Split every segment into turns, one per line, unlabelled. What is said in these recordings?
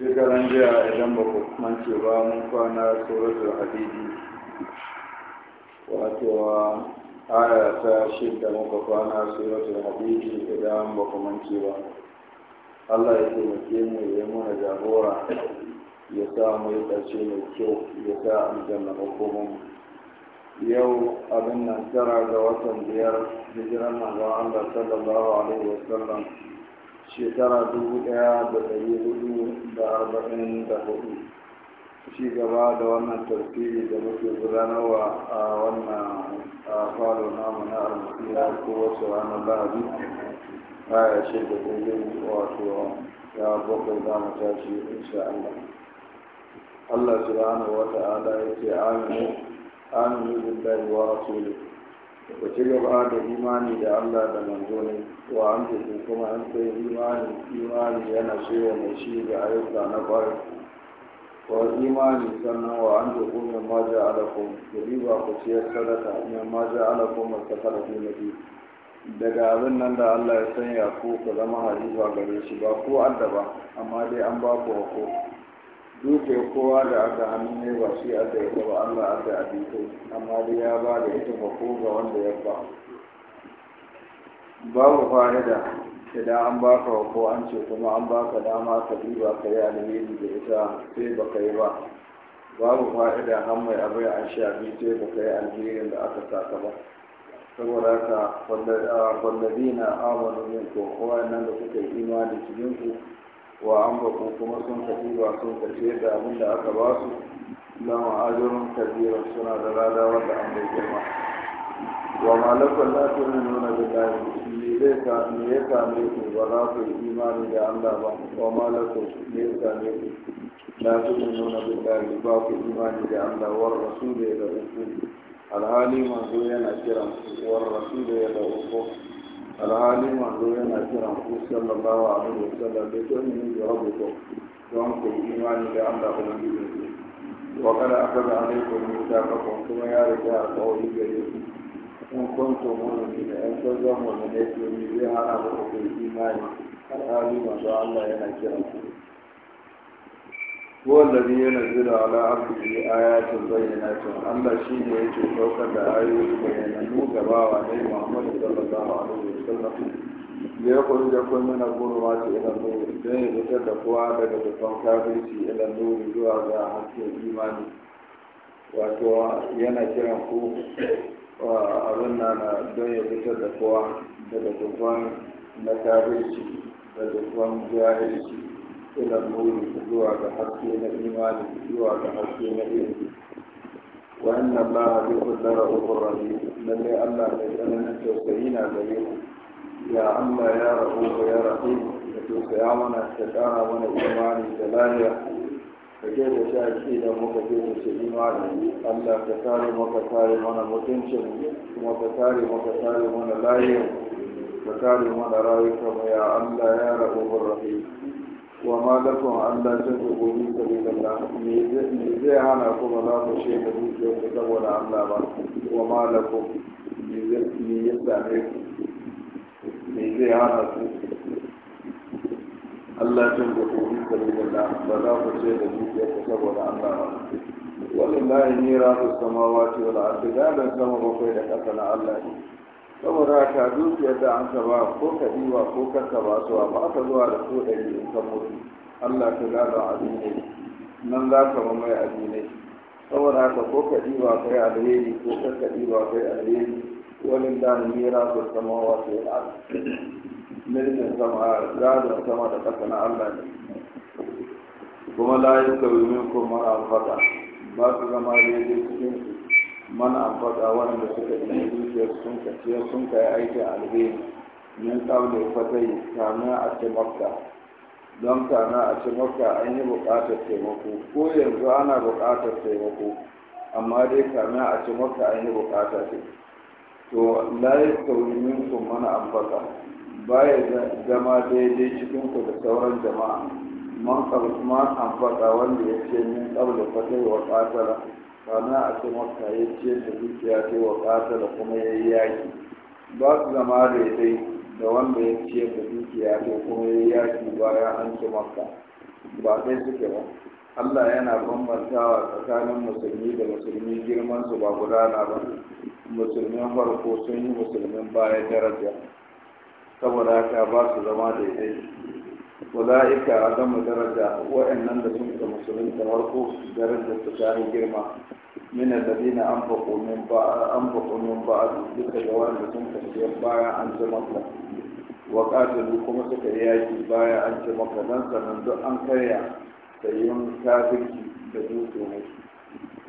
shekaran jiya idan ba ku mance ba mun kwana suratul hadidi wato aya ta shidda muka kwana suratul hadidi idan ba ku mance ba Allah ya taimake mu ya mana jagora ya sa mu yi ƙarshe mai kyau ya sa aljanna makomin yau abin nan tara ga watan biyar hijiran ga Allah sallallahu alaihi wasallam shekara dubu ɗaya da ɗari hudu da arba'in da hudu ci gaba da wannan tarfiri da muke gudanarwa a wannan falo namu na armasiya ko wasu ranar lahadi baya ce da kullum wato ya bakwai za mu tashi insha Allah Allah subhanahu wa ta'ala ya ce aminu aminu billahi wa rasulihi ku ci gaba da imani da Allah da manzo ne wa an tafi kuma an sai imani imani yana shewa mai shi ga ayyuka na kwarai wa imani sannan wa an tafi min ma ja alakum ku ba ku ci sadaka min ma ja alakum mustaqalatin nabi daga abin nan da Allah ya sanya ku ku zama halifa gare shi ba ku adda ba amma dai an ba ku duke kowa da aka hannu ne ba shi aka yi ba Allah aka abito amma dai ya ba da ita ba ko ga wanda ya ba babu fa'ida idan an baka ko an ce kuma an baka dama ka ba ka yi alheri da ita sai ba ka yi ba babu fa'ida har mai abai an sha biyu sai ba ka yi alherin da aka saka ba saboda haka wallazina na minkum ko nan da suka yi imani cikin ku wa an baku kuma sun tafi ba sun tafi da abin da aka ba su lama ajiyar kabira suna da rada wanda an bai girma wa malakon na tuni nuna da lafi me ya same ku ba za ku yi imani da allah ba wa malakon ne ya same ku na tuni nuna da lafi ba ku imani da allah war rasu da ya da uku alhali manzo yana kiran war rasu da ya da uku alhali wanzu yana kiran ku sallallahu alaihi wa sallam da to ne da rabbukum don ku imani da Allah ku ne ku wa kana akaza ta mutaqakum kuma ya riga alƙawari gare ku in kuntum mu'minina in kuntum wani ne zai hana da ku imani alhali wanzu Allah yana kiran ku هو الذي ينزل على عبده آيات بينات الله شيء يجي فوق الآيات بينات جبا عليه محمد صلى الله عليه وسلم ليخرجكم من الظلمات إلى النور da يتدقوا daga dukkan kafirci ila nuri zuwa ga hasken imani wato yana kiran ku abin na don ya fitar da kowa daga dukkan na kafirci da dukkan jahilci إلى النور zuwa ga haske na imani zuwa ga haske na ilimi وأن الله بكل رؤوف رحيم لن الله بأن توسعينا جميعا يا الله يا رؤوف يا رحيم توسعا ونا تدارا ونا إيماني جلاليا فكيف شاكينا مكتب سيماني الله كتاري مكتاري ونا متنشن مكتاري مكتاري ونا لايم كتاري ونا رايكم يا الله يا رؤوف رحيم وما لكم ألا تنفقوا من سبيل الله ميزه أنا كما لا تشيء بديك يوم ولا عملا وما لكم ميزه ميزه أنا ألا تنفقوا في سبيل الله ولا تشيء بديك يوم ولا عملا ولله ميراث السماوات والأرض لا بد لهم وفيدك أتنا الله saboda ka dukiyar da an saba ko ka diwa ko ka saba su ba aka zuwa da su ɗari in ka mutu allah ka gada addinai nan za ka ba mai addinai saboda ka ko ka diwa kai alheri ko ka ka diwa kai alheri wani da mera ko sama wasu a mulkin sama gadon sama da ƙasa na allah ne kuma layin kawai min kuma alfata ba su zama daidai cikin su man amfaka wanda suka yi dukiyar sun kaciya sun kai aikin alheri min kawai fatai kana a cimakka makka don kana a cimakka makka an yi buƙatar taimako ko yanzu ana buƙatar taimako amma dai kana a cimakka makka an yi buƙatar taimako to layi sauri minkum mana amfaka baya zama daidai cikin ku da sauran jama'a man amfaka wanda ya ce min kawai fatai wa ƙasara kana a ce maka ya ce da dukiya ta wa kasa da kuma ya yi yaƙi ba su zama daidai da wanda ya ce da dukiya ta kuma ya yi yaƙi bayan an ce maka ba ɗaya suke ba Allah yana bambantawa tsakanin musulmi da musulmi girman su ba gudana ba musulmin farko sun yi musulmin baya daraja saboda haka ba su zama daidai ulaika a gama daraja wa'annan da sun ga musulun da farko darajar su ta girma min alladina anfaqu min ba'a anfaqu min ba'a duka da wanda sun kashe baya an ce maka wa qatalu kuma suka yi yaki baya an ce maka don sanan duk an karya sayyun kafirci da dutse ne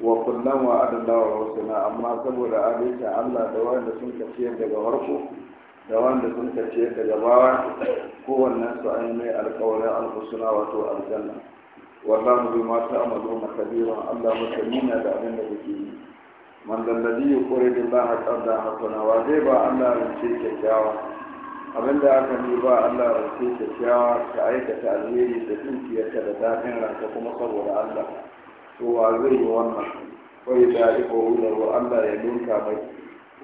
wa kullum wa adallahu wa amma saboda adalci Allah da wanda sun kashe daga farko da wanda sun kace ka gabawa kowanne su an mai alƙawarin alhusuna wato aljanna wallahu bi ma ta'maluna kabiran Allah mutamina da abin da kuke yi man da dalladhi yuqridu Allah qardan hasana wa zai ba Allah ya ce rance kyakkyawa abin da aka yi ba Allah ya ce rance kyakkyawa ka aikata alheri da dukiyarka da dadin ranka kuma saboda Allah to wa zai yi wannan wai da iko Allah ya dunka mai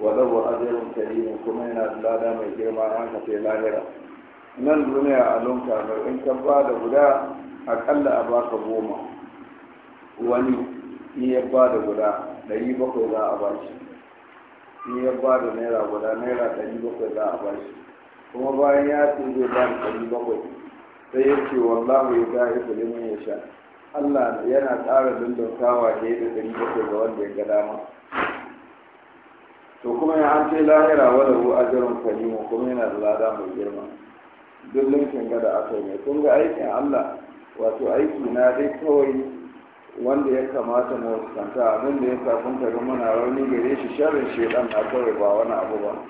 walau azirin karimin kuma yana da lada mai girma an ka lahira nan duniya a lunka da in ka ba da guda akalla a baka goma wani in ya ba da guda ɗari bakwai za a bashi in ya ba da naira guda naira ɗari bakwai za a bashi kuma bayan ya ce zai ba da ɗari bakwai sai ya ce wallahu ya ga ibu liman ya sha Allah yana ƙara dindintawa ne da ɗari bakwai ga wanda ya ga dama to kuma ya an ce lahira wala a jirin karim kuma yana da lada mai girma duk linkin ga da aka yi kun ga aikin Allah wato aiki na dai kawai wanda ya kamata mu fuskanta abin da ya kafin kun ga muna rauni gare shi sharrin shedan na kawai ba wani abu ba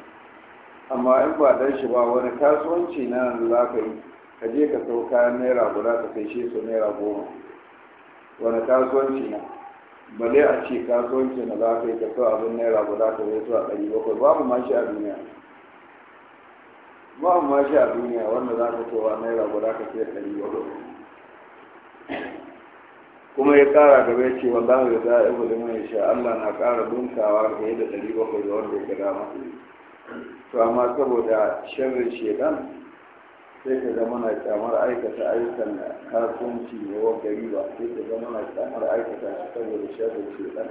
amma in ba dan shi ba wani kasuwanci na nan za ka yi ka je ka sau kayan naira guda ka kai shi su naira goma wani kasuwanci na bale a ce kasuwanci na za ka yi tafi abin naira guda ta zai zuwa ɗari bakwai babu ma shi a duniya babu ma shi a duniya wanda za ka towa naira guda ka sai ɗari bakwai kuma ya kara gaba ya ce wallahu ya za a ibulu ya sha Allah na kara dunkawa ga yadda ɗari bakwai ga wanda ya ga dama to amma saboda sharrin shedan sai ka zama na kyamar aikata ayyukan kasuwanci ne wa gari ba sai ka zama na kyamar aikata shi saboda sharrin shekar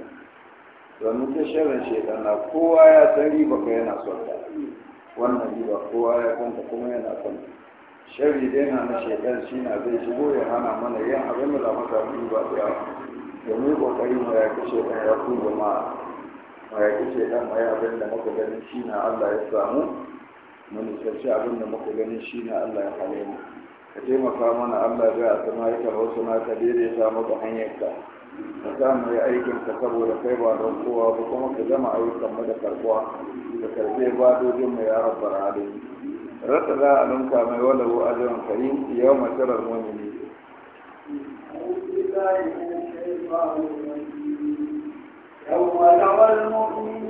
domin ta sharrin shekar na kowa ya san riba ka yana son ta wannan riba kowa ya san ta kuma yana son ta sharri dai na na shaitan shi na zai shigo ya hana mana yin abin da za mu samu riba da yawa domin kokari mu ya kashe ɗan ya kuma ma ya kashe ɗan ma ya abin da muka ganin shi na Allah ya samu manufarci abin da muka gani shi ne allah ya hane mu ka taimaka mana allah ga a sama ya karɓar suna ka daidaita maka hanyarka ka sa mu yi aikin ka saboda kai ba don kowa ba kuma ka zama ayyukan mu da karbuwa. ka karɓe badojin mu ya rabbar alamin rasa za a lunka mai walahu ajiyar karim yau masarar mumini يوم ترى
المؤمنين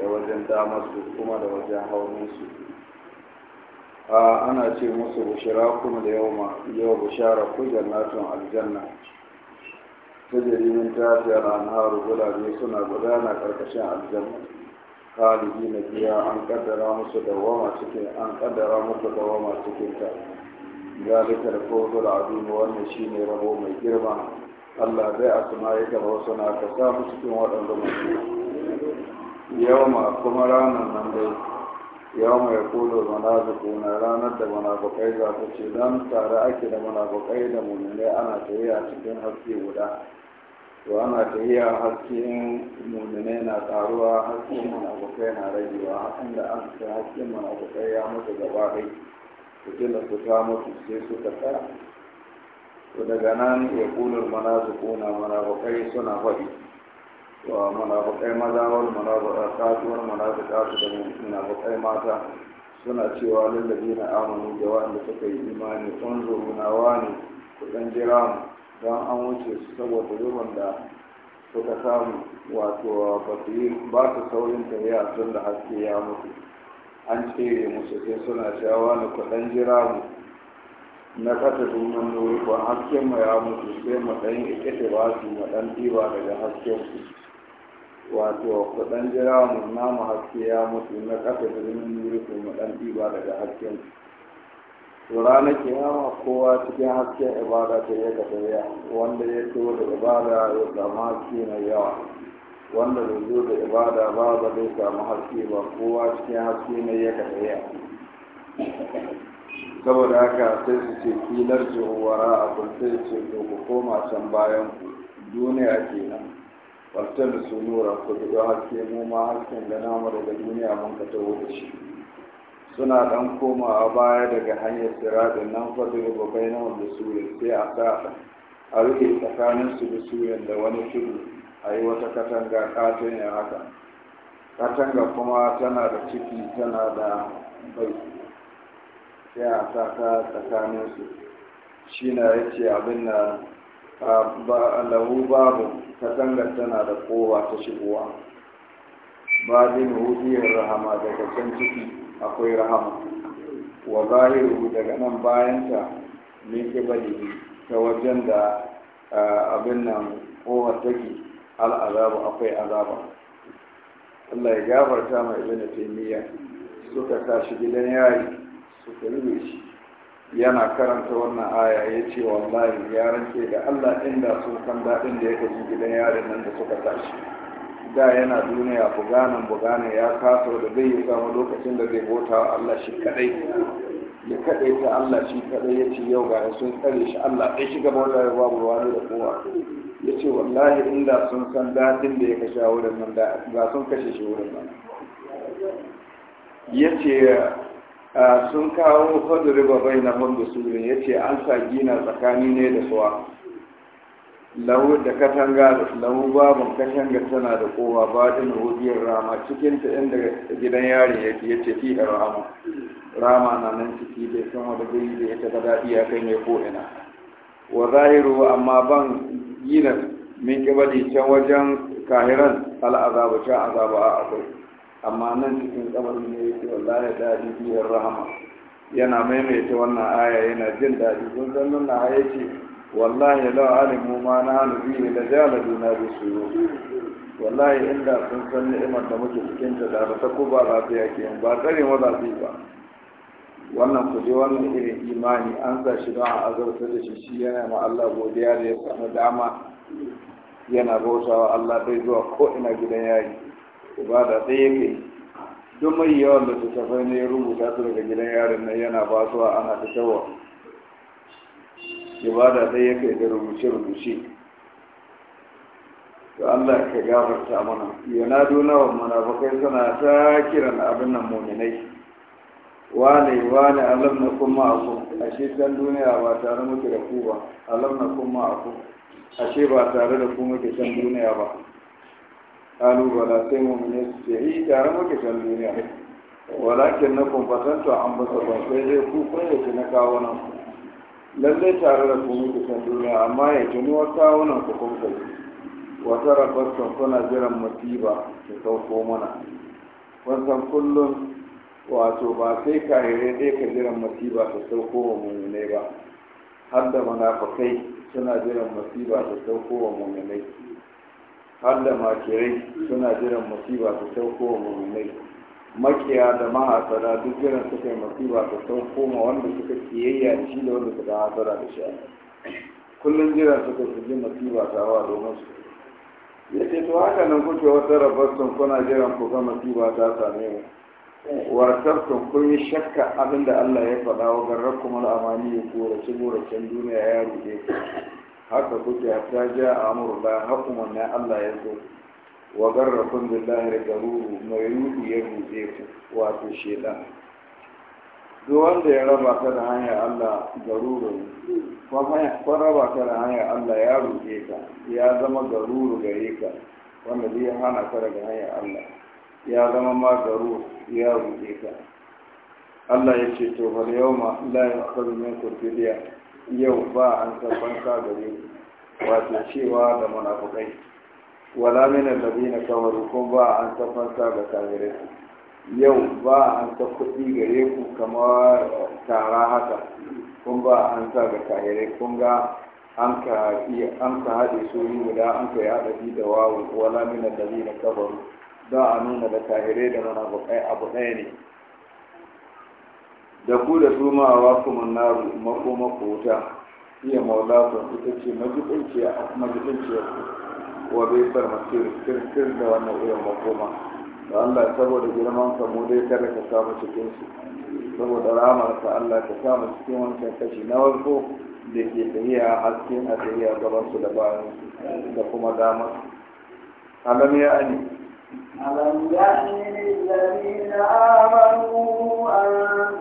da wajen damarsu kuma da wajen hauninsu ana ce musu bushira kuma da yau bushara ku jannatin aljanna ta tafiya na anharu gulabe suna gudana karkashin aljanna khalidi na biya an kaddara musu dawama cikin an kaddara musu dawama cikin ta zalikar fawzul azim wannan shine rabo mai girma Allah zai asuma ya gaba wasu na ka sa mu cikin waɗanda mutum yawma kuma ranar nan dai yawma ya kulo munafiquna ranar da munafiqai za su ce dan tare ake da munafiqai da mu'minai ana tafiya cikin haske guda to ana tafiya hasken mu'minai na taruwa hasken munafiqai na ragewa hakan da an ce hasken munafiqai ya mutu gaba ɗaya fitilar su ta mutu sai suka tsaya to daga nan ya kulo munafiquna munafiqai suna faɗi ومنافقين ماذا والمنافقات والمنافقات والمنافقين mata suna cewa lallabi na amonu da wanda suka yi imani ɗan na ne kuɗin jira mu don an wuce su saboda zuwan da suka samu wato ba su yi ba su saurin a tun da haske ya mutu an cire musu sai suna cewa wani kuɗin jira mu na kasa dunan nuri ko hasken mu ya mutu sai mu ɗan ikita ba su mu ɗan ɗiba daga hasken su wato ku dan jira mu namu haske ya mutu na kasa da zumin nuriku mu dan diba daga hasken to ke kiyama kowa cikin hasken ibada ta ya ga ya wanda ya to da ibada ya samu haske mai yawa wanda bai zo da ibada ba ba zai samu haske ba kowa cikin haske mai ya ga ya saboda haka sai su ce kilar jihuwara a kun sai ce ku koma can bayan ku duniya kenan wata da su nura su duka haske mu ma hasken da namu daga duniya mun ka taho da shi suna dan komawa baya daga hanyar siradin nan da babai na wanda suyin sai a sa a rufe tsakanin su da suyin da wani tudu a yi wata katanga katon ya haka katanga kuma tana da ciki tana da bai sai a sa ta tsakanin su shi na ce abin na ba lahu babu katangar tana da kowa ta shigowa babin hudiyar rahama daga can ciki akwai rahama wa zahiru daga nan bayanta min kibali ta wajen da abin nan kowar take al'azaba akwai azaba Allah ya gafarta mai ibn taymiya suka tashi gidan yari suka rube shi yana karanta wannan aya ya ce wallahi ya rance da Allah inda sun san daɗin da ya ji gidan yarin nan da suka tashi da yana duniya buganan bugana ya kasa da zai yi samu lokacin da zai bota Allah shi kadai ya kadai ta Allah shi kadai ya ce yau ga sun tsare shi Allah ɗai shi gaba da babu ruwa da kowa ya ce wallahi inda sun san daɗin da ya kashe wurin nan da sun kashe shi wurin nan ya ce sun kawo fadu riba bai na su ne, ya ce an sa gina tsakani ne da suwa lahu da katanga lahu babu katanga tana da kowa ba da nuhudiyar rama cikin ta inda gidan yari ya ce fi da rama rama na nan ciki bai san wani gari da ya taɓa daɗi ya kai mai ko'ina wa zahiru amma ban gina min kibali can wajen kahiran al'azabu can a akwai amma nan cikin kabari ne yake wallahi daɗi biyar rahama yana maimaita wannan aya yana jin daɗi kun san na aya ce wallahi law alimu ma na hannu biyu da jaladu na bi su wallahi inda sun san ni'imar da muke cikin ta da ta ko ba lafiya ke ba tsare ma zafi ba wannan ku je wannan irin imani an sa shi don a azurta da shi shi yana ma Allah godiya da ya samu dama yana bautawa Allah bai zuwa ko ina gidan yayi ibada ɗaya kai duk mai yawan da littattafai ne rubuta su daga gidan yaron nan yana ba su ana tawa ibada ɗaya yake da rubuce-rubuce to Allah ka gafarta mana yanado wa munafikai suna ta kiran abin nan muminai wane wane alam na kuma aku a shi dan duniya ba tare muke da ku ba alam na kuma aku a shi ba tare da ku muke san duniya ba kalubala sai mummune su ce yi tare muke can duniya walakin na kumfatanta an basa ba sai dai ku kwayyace na kawo nan lallai tare da ku muke duniya amma ya tunuwa kawo nan ku kuma wata rabarsan kuna jiran masiba ta sauko mana wasan kullum wato ba sai kahire ɗaya ka jiran masiba ta sauko wa mummunai ba har da munafukai suna jiran masiba ta sauko wa mummunai har makirai suna jiran masiba ta sauko wa mummunai makiya da mahasara duk jiran suka yi masiba ta sauko ma wanda suka kiyayya da shi da wanda suka hasara da shi kullum jiran suka su ji masiba ta hawa domin su ya ce to haka nan kuke wata rabarsun kuna jiran ku ga masiba ta same mu wartartun kun yi shakka abin da Allah ya faɗa wa garar kuma amani ya gorace goracen duniya ya rude haka kuke hatta ja a amurla hakuman na Allah ya zo wa garrakun billahi garuru mai rudu ya buɗe ku wato Shaidan. duk wanda ya raba ka da hanyar Allah garuru kwan raba ka da hanyar Allah ya ruɗe ka ya zama garuru gare ka wanda zai hana ka daga hanyar Allah ya zama ma garuru ya ruɗe ka Allah ya ce to ma Allah ya ya'khudhu minkum fidya yau ba an sabon gare wato cewa da munafukai wala min alladhina kawaru kun ba an sabon ga kafirai yau ba an ta kuɗi gare ku kamar tara haka kun ba an sa ga kafirai kun ga an ka an ka haɗe suri guda an ka yi bi da wawo wala min alladhina kawaru za a nuna da kafirai da munafukai abu ɗaya ne da ku da su ma wa kuma naru makoma ku wuta iya maula ku ita ce majibinciya ku wa bai bar masir kirkir da wannan irin makoma da Allah saboda girman ka mu dai kada ka samu cikin su saboda ramar ka Allah ka samu cikin wancan kashi na wasu da ke tafiya haske a tafiya gaban su da bayan da kuma damar alamiya ya ani
ألم يأن للذين آمنوا أن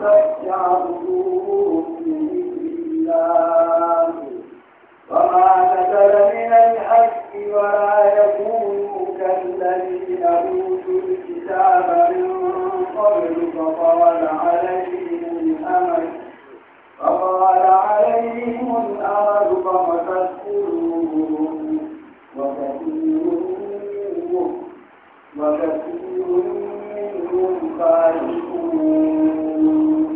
تخشع قلوبهم لذكر
الله وما نزل
من الحق ولا يكونوا كالذين أوتوا الكتاب من قبل فطال عليهم الأمل فطال عليهم الأمل فقست قلوبهم وكثير وكثير منهم فارقون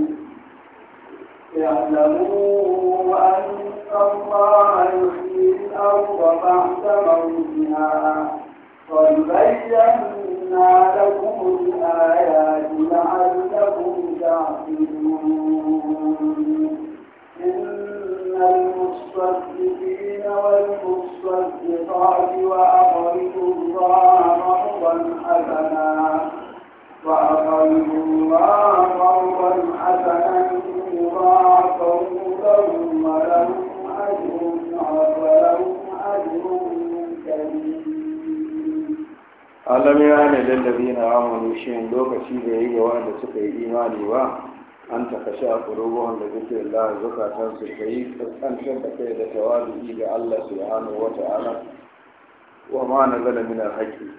اعلموا أن الله يحيي الأرض بعد موتها قد بينا لكم الآيات لعلكم تعقلون المصدقين والمصدقات وأقرضوا الله قرضا حسنا وأقرضوا الله قرضا حسنا يضاعفه لهم ولهم أجر ولهم أجر كريم ألم يعني
الذين آمنوا شيئا لوكشي بأي وأن سكي إيماني وأن an ta kashe a kurubuwan da zikirin Allah zukatan su ka yi kankan da kai da tawadu ga Allah subhanahu wata ta'ala wa ma na zala min alhaqi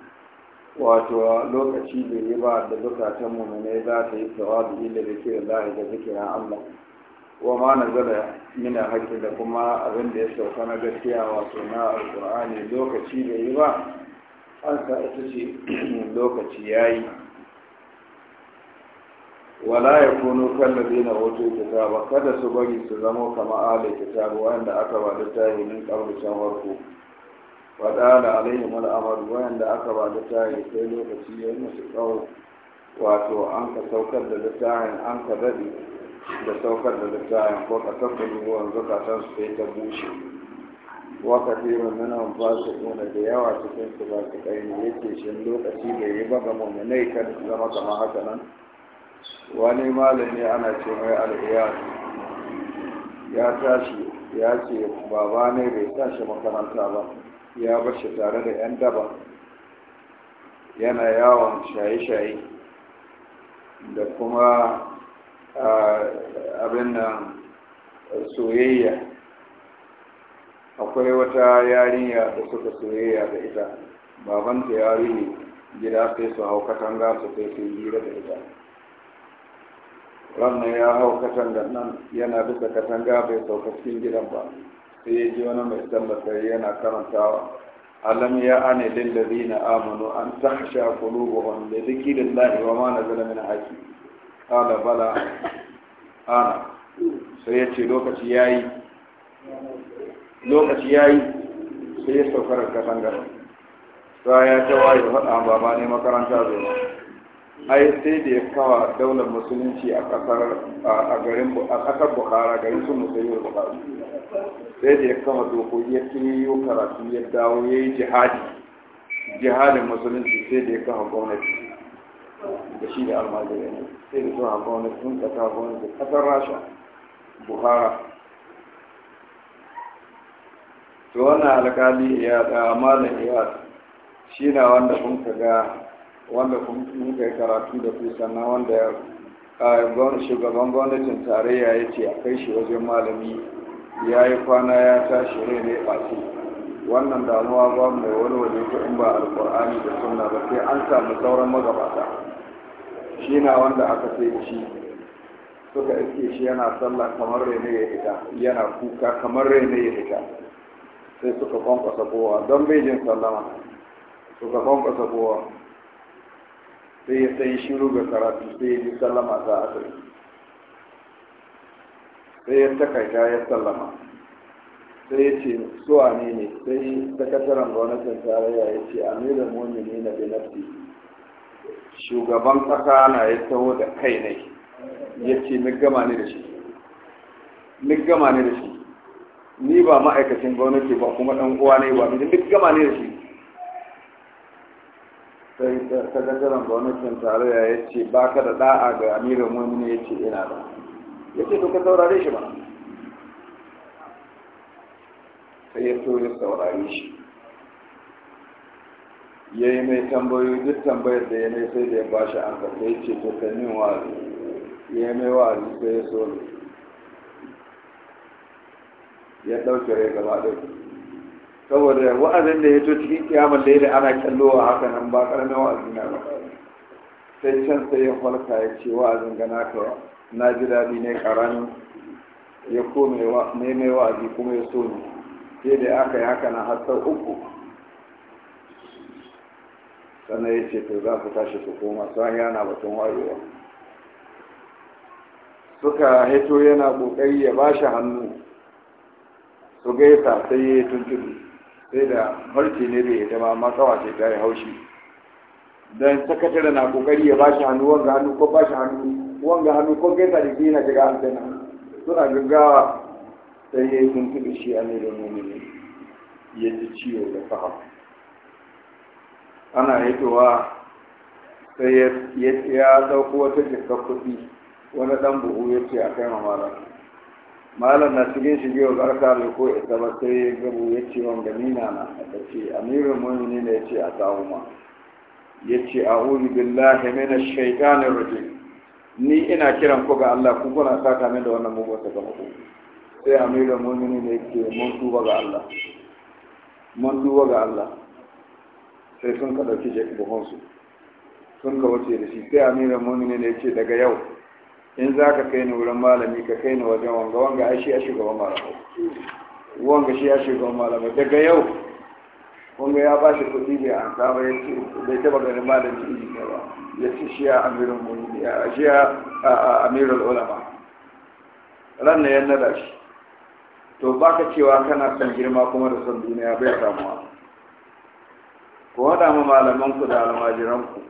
wato lokaci da yi ba da zukatan mu ne za ta yi tawadu da zikirin Allah da zikirin Allah wa ma na zala min alhaqi da kuma abin da ya sauka na gaskiya wato na alqur'ani lokaci da yi ba an sa ita ce lokaci ya yi. wala ya kunu kallabi na hoto kitaba kada su bari su zama kama ala kitabu wanda aka ba da littafi min kabrishin warko faɗa da alaihim al'amar wanda aka ba da littafi sai lokaci ya yi musu tsawo wato an ka saukar da littafin an ka daɗi da saukar da littafin ko ka tafi ruwan zukatan su sai ta bushe wa kafirun minan ba su ƙuna da yawa cikin su ba su ƙaini yake shin lokaci bai yi ba ga mummunai kada su zama kama haka nan wani malami ana ce mai al'iyar ya tashi ya ce baba ne bai tashi makaranta ba ya bashi tare da 'yan daba yana yawon shaye-shaye da kuma abin nan soyayya akwai wata yarinya da suka soyayya da ita babanta yari ne gida sai su hau katanga su kai su yi da ita wannan ya hau katangar nan yana bisa katanga bai sauka cikin gidan ba sai ya ji wani mai tambata yana karantawa alam ya ane lillazi na amanu an tahsha qulubuhum da lahi wa ma na nazala min haki ala bala ana sai ya ce lokaci yi lokaci yi sai ya saukar katangar sai ya ce yi faɗa ba ne makaranta ba. ai sai da ya kawa daular musulunci a kasar a garin a kasar bukhara garin sun musulmi bukhara sai da ya kawa dokoki ya yi karatu ya dawo ya yi jihadi jihadin musulunci sai da ya kawa gwamnati da shi da almajirai ne sai da zuwa gwamnati sun kasa gwamnati kasar rasha bukhara to wannan alkali ya da malam iyad shi na wanda kun ka ga wanda mun kai karatu da su, sannan wanda shugaban gwamnatin tarayya ya ce a kai shi wajen malami ya yi kwana ya tashi ne ne ɓaci wannan damuwa ba mai wani waje ko in ba alƙur'ani da sunna ba sai an samu sauran magabata shi na wanda aka sai shi suka iske shi yana sallah kamar rene ya fita yana kuka kamar rene ya fita sai suka kwankwasa kowa don bai jin sallama suka kwankwasa kowa sai ya sai shiru ga karatu sai ya ji sallama za a sai sai ya takaita ya sallama sai ya ce su ne ne sai sakataren gwamnatin tarayya ya ce amirin ne na benafti shugaban kasa na ya taho da kai ne ya ce ni gama ne da shi ni gama ne da shi ni ba ma'aikacin gwamnati ba kuma ɗan uwa ne ba ni gama ne da shi sai sakataren gwamnatin tarayya ya ce ba ka da da'a ga amirin mummuni ya ce ina ba ya ce to ka saurare shi ba sai ya so ya saurare shi ya yi mai tambayoyi duk tambayar da ya mai sai da ya ba shi an kasa ya ce to ka min ya yi mai wa'azi sai ya so ya ɗauke rai gaba ɗaya saboda wa'azin da ya to cikin kiyamar laili ana a haka nan ba ƙaramin wa'azi na ba sai can sai ya farka ya ce wa'azin ga naka na ji daɗi ne ƙaramin ya kome ne mai wa'azi kuma ya so ne sai da aka yi haka na hatsar uku sannan ya ce to za su tashi su koma su hanya na batun wayewa suka haito yana ƙoƙari ya ba shi hannu su gaisa sai ya yi tuntuɓe sai da harce ne bai ita ba amma kawace ta yi haushi don sakatare na kokari ya bashi hannu wanga hannu ko bashi hannu wanga hannu ko gaisa da ke yana shiga aljanna suna gaggawa sai ya yi sun tuɗe shi a ne da mumini ya ji ciwo da saha ana hitowa sai ya ɗauko wata jikar kuɗi wani ɗan buhu ya ce a kai mamara malam na cikin shi wa karka mai ko ita ba sai ya gabu ya ce wa gamina na a ce amirin mu'mini ne ya ce a samu ma ya ce a uri billahi na shaitanin rajim ni ina kiran ku ga Allah ku kuna sa min da wannan mugun ku. sai amirin mu'mini ne ya ce mun duba ga Allah mun duba ga Allah sai sun ka ɗauki buhonsu sun ka wuce da shi sai amirin mu'mini ne ya ce daga yau in za ka kai ni wurin malami ka kai ni wajen wanga wanga ai shi ya shugaban malamai wanga shi ya shiga wani malamai daga yau wanga ya ba shi kuɗi bai an saba ya ce bai taɓa ganin malami iji ne ba ya ce shi ya amirin muni shi ya amirin ulama ran na yan nada shi to baka cewa kana son girma kuma da son duniya bai samuwa ku haɗa ma malamanku da ku.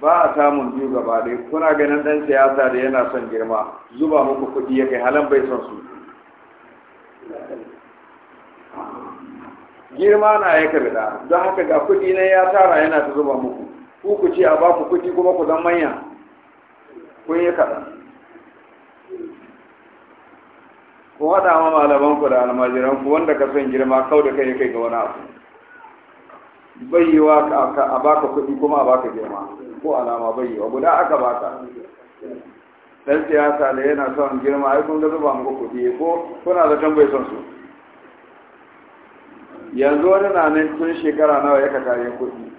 ba a samun biyu gaba ɗaya kuna ganin ɗan siyasa da yana son girma zuba muku kuɗi ya kai halan bai son su girma na ya karɓa don haka ga kuɗi na ya tara yana ta zuba muku ku ku ce a ba ku kuɗi kuma ku zan manya kun yi kaɗan ku haɗa ma malaman ku da almajiran ku wanda ka son girma kau da kai kai ga wani abu bai yi wa a baka kuɗi kuma a baka girma ko alama bai wa guda aka baka dan siyasa da yana son girma ai kun ga zuba muku kudi ko kuna da tambayi son su yanzu wani na nan tun shekara nawa ya kare kudi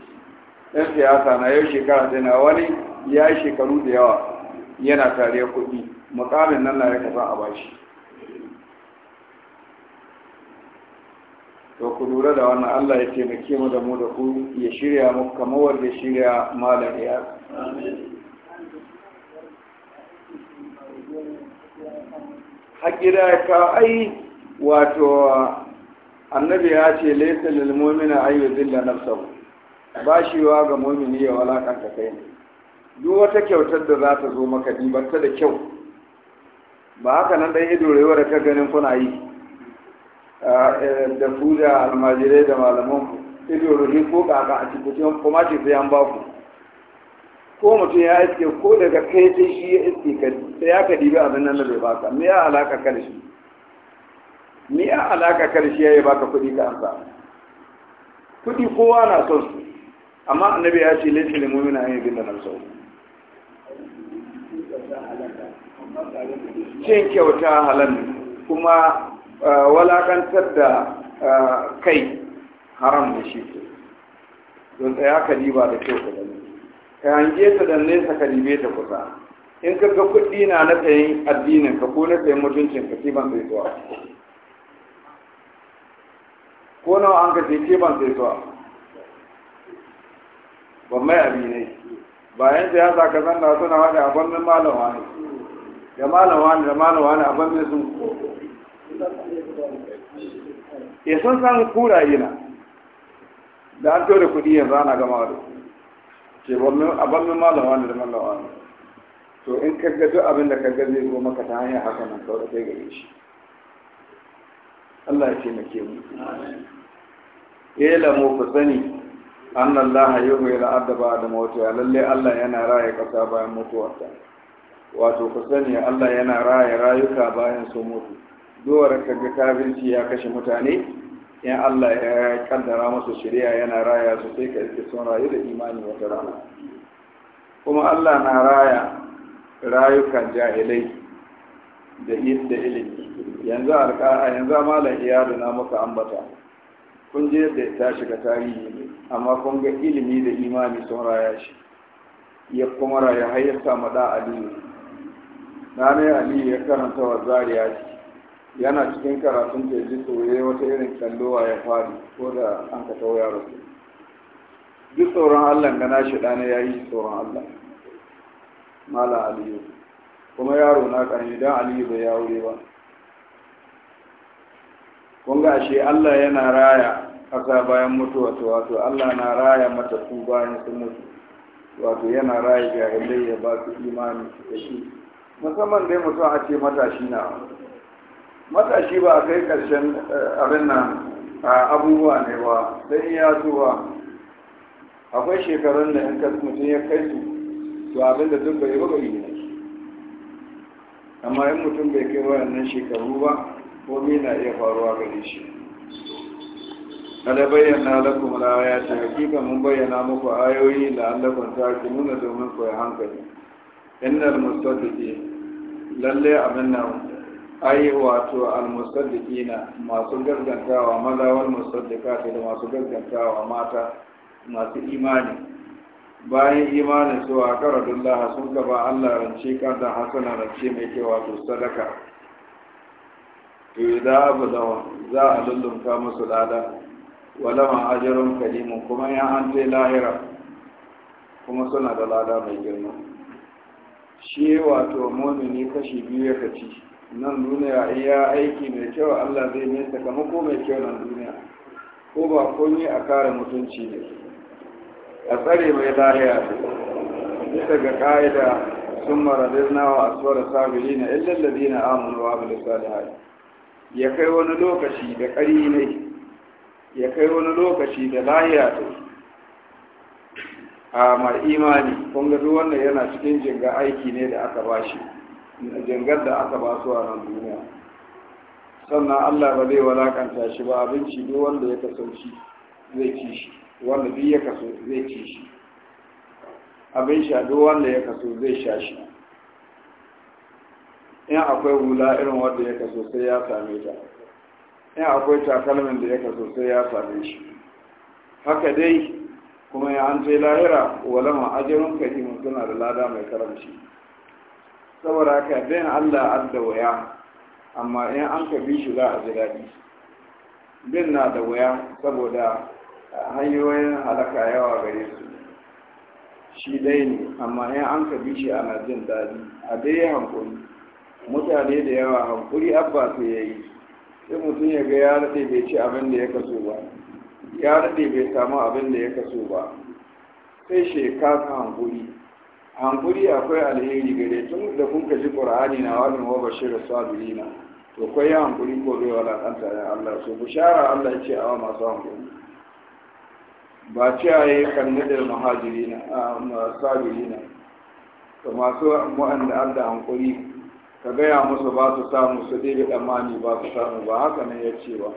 dan siyasa na yau shekara sai na wani ya yi shekaru da yawa yana kare kudi mukamin nan na ya za a bashi to ku lura da wannan Allah ya taimake mu da mu da ku ya shirya mu kamar wanda shirya malam ya haƙira ka ai wato annabi ya ce laisa lil mu'mina ayu zilla nafsahu ba shi wa ga mu'mini ya walakanta kai duk wata kyautar da za ta zo maka ta da kyau ba haka nan dai ido rewa da ka ganin kuna yi da fuzi da almajirai da malaman ku ko kaka a cikin kuma ce sai an baku ko mutum ya iske ko daga kai sai shi ya iske ka sai ya ka dibi abin nan da bai baka me ya alaka karshe me ya alaka karshe ya baka kuɗi ka ansa kuɗi kowa na son su amma annabi ya ce laifin limomi na yin bin da nan sau
cin kyauta
halal kuma Ah, walakantar da ah, kai haram da shi don tsaya ka diba da kyau ka gani ka hange ta da nesa ka dibe ta kusa in ka ga kuɗi na na tsayin addinin ka ko na tsayin mutuncin ka ban sai zuwa ko nawa an ka ce ban sai zuwa Ba mai abi ne bayan ta yasa ka zanna suna wani abin malama ne da malama ne da malama ne abin mai sun ya sun san kuraye na da an tori kuɗi yanzu ana gama da ke a ban malama ne da malama ne to in ka ga duk abin da ka ga zai zo maka ta hanyar haka nan kawai kai gare shi Allah ya taimake mu ya lamu ku sani an Allah ya mai la'adda ba da mutuwa lalle Allah yana raye kasa bayan mutuwarta wato ku sani Allah yana raye rayuka bayan sun mutu duwar kaga kafirci ya kashe mutane in Allah ya kaddara masa shari'a yana raya su sai ka yi sun rayu da imani wata rana kuma Allah na raya rayukan jahilai da da ilimi yanzu alƙa'a yanzu malam iyalu na muka ambata kun je da ta shiga tarihi amma kun ga ilimi da imani sun raya shi ya kuma raya har ya samu da aliyu na ne aliyu ya karanta wa zariya yana cikin karatun da ji tsoye wata irin kallowa ya fadi ko da an ka tauya rasu duk tsoron allah gana shi ɗana ya yi tsoron allah mala aliyu kuma yaro na ƙarni don aliyu bai ya wuri ba kun ga ashe allah yana raya ƙasa bayan mutuwa wato allah na raya mata su bayan sun mutu wato yana raya jahilai ya ba su imani su musamman dai mutum a ce matashi na matashi ba a kai ƙarshen eh, abin nan abubuwa ne ba don ya zuwa akwai shekarun da in kasu mutum ya kai su to abin da duk bai ba yi ne amma in mutum bai kai wayannan shekaru ba ko na iya faruwa gare shi kada bayyana lakum la ya ce hakika mun bayyana muku ayoyi da allakun ta ke nuna domin koyi hankali innal mustaqi lalle abin nan ai wato almusaddiqina masu gargantawa maza wal musaddiqati da masu gargantawa mata masu imani bayan imanin su a karadullah sun gaba Allah rance ka da hasana rance mai ke wato sadaka to idan abu da za a lullunta musu lada walama ajarun kalimun kuma ya an tai lahira kuma suna da lada mai girma shi wato mumini kashi biyu ya kaci nan duniya iya aiki mai kyau Allah zai mai sakamako mai kyau nan duniya ko ba komai a kare mutunci ne a tsare mai lahiya bisa ga ka'ida sun maradar nawa a tsoron sabili na illallazi na amonu wa abu da ya kai wani lokaci da ƙari ne ya kai wani lokaci da lahiya ne? a mar imani kun ga duk wannan yana cikin jinga aiki ne da aka bashi jangar da aka ba su a nan duniya sannan allah ba zai walakanta shi ba abinci duk wanda ya shi zai ci shi wanda duk ya kaso zai ci shi abin sha duk wanda ya kaso zai sha shi in akwai hula irin wanda ya kaso sai ya same ta in akwai takalmin da ya kaso sai ya same shi haka dai kuma ya an ce lahira walama ajirin karimin suna da lada mai karamci saboda haka bin Allah da waya amma in an ka bi shi za a ji daɗi bin na da waya saboda hanyoyin halaka yawa gare su shi dai ne amma in an ka bi shi ana jin daɗi a dai hankuri mutane da yawa hankuri abba su ya yi sai mutum ya ga ya daɗe bai ci abin da ya kaso ba ya daɗe bai samu abin da ya kaso ba sai ka hankuri hankuri akwai alheri gare tun da kun kaji qur'ani na wani wa bashir sabirina to kai ya hankuri ko bai wala kanta ya Allah so bushara Allah ce awa masu hankuri ba ce ayi kannadar a sabirina to masu mu'anda Allah hankuri ka gaya musu ba su samu su da tsammani ba su samu ba haka nan ya ce ba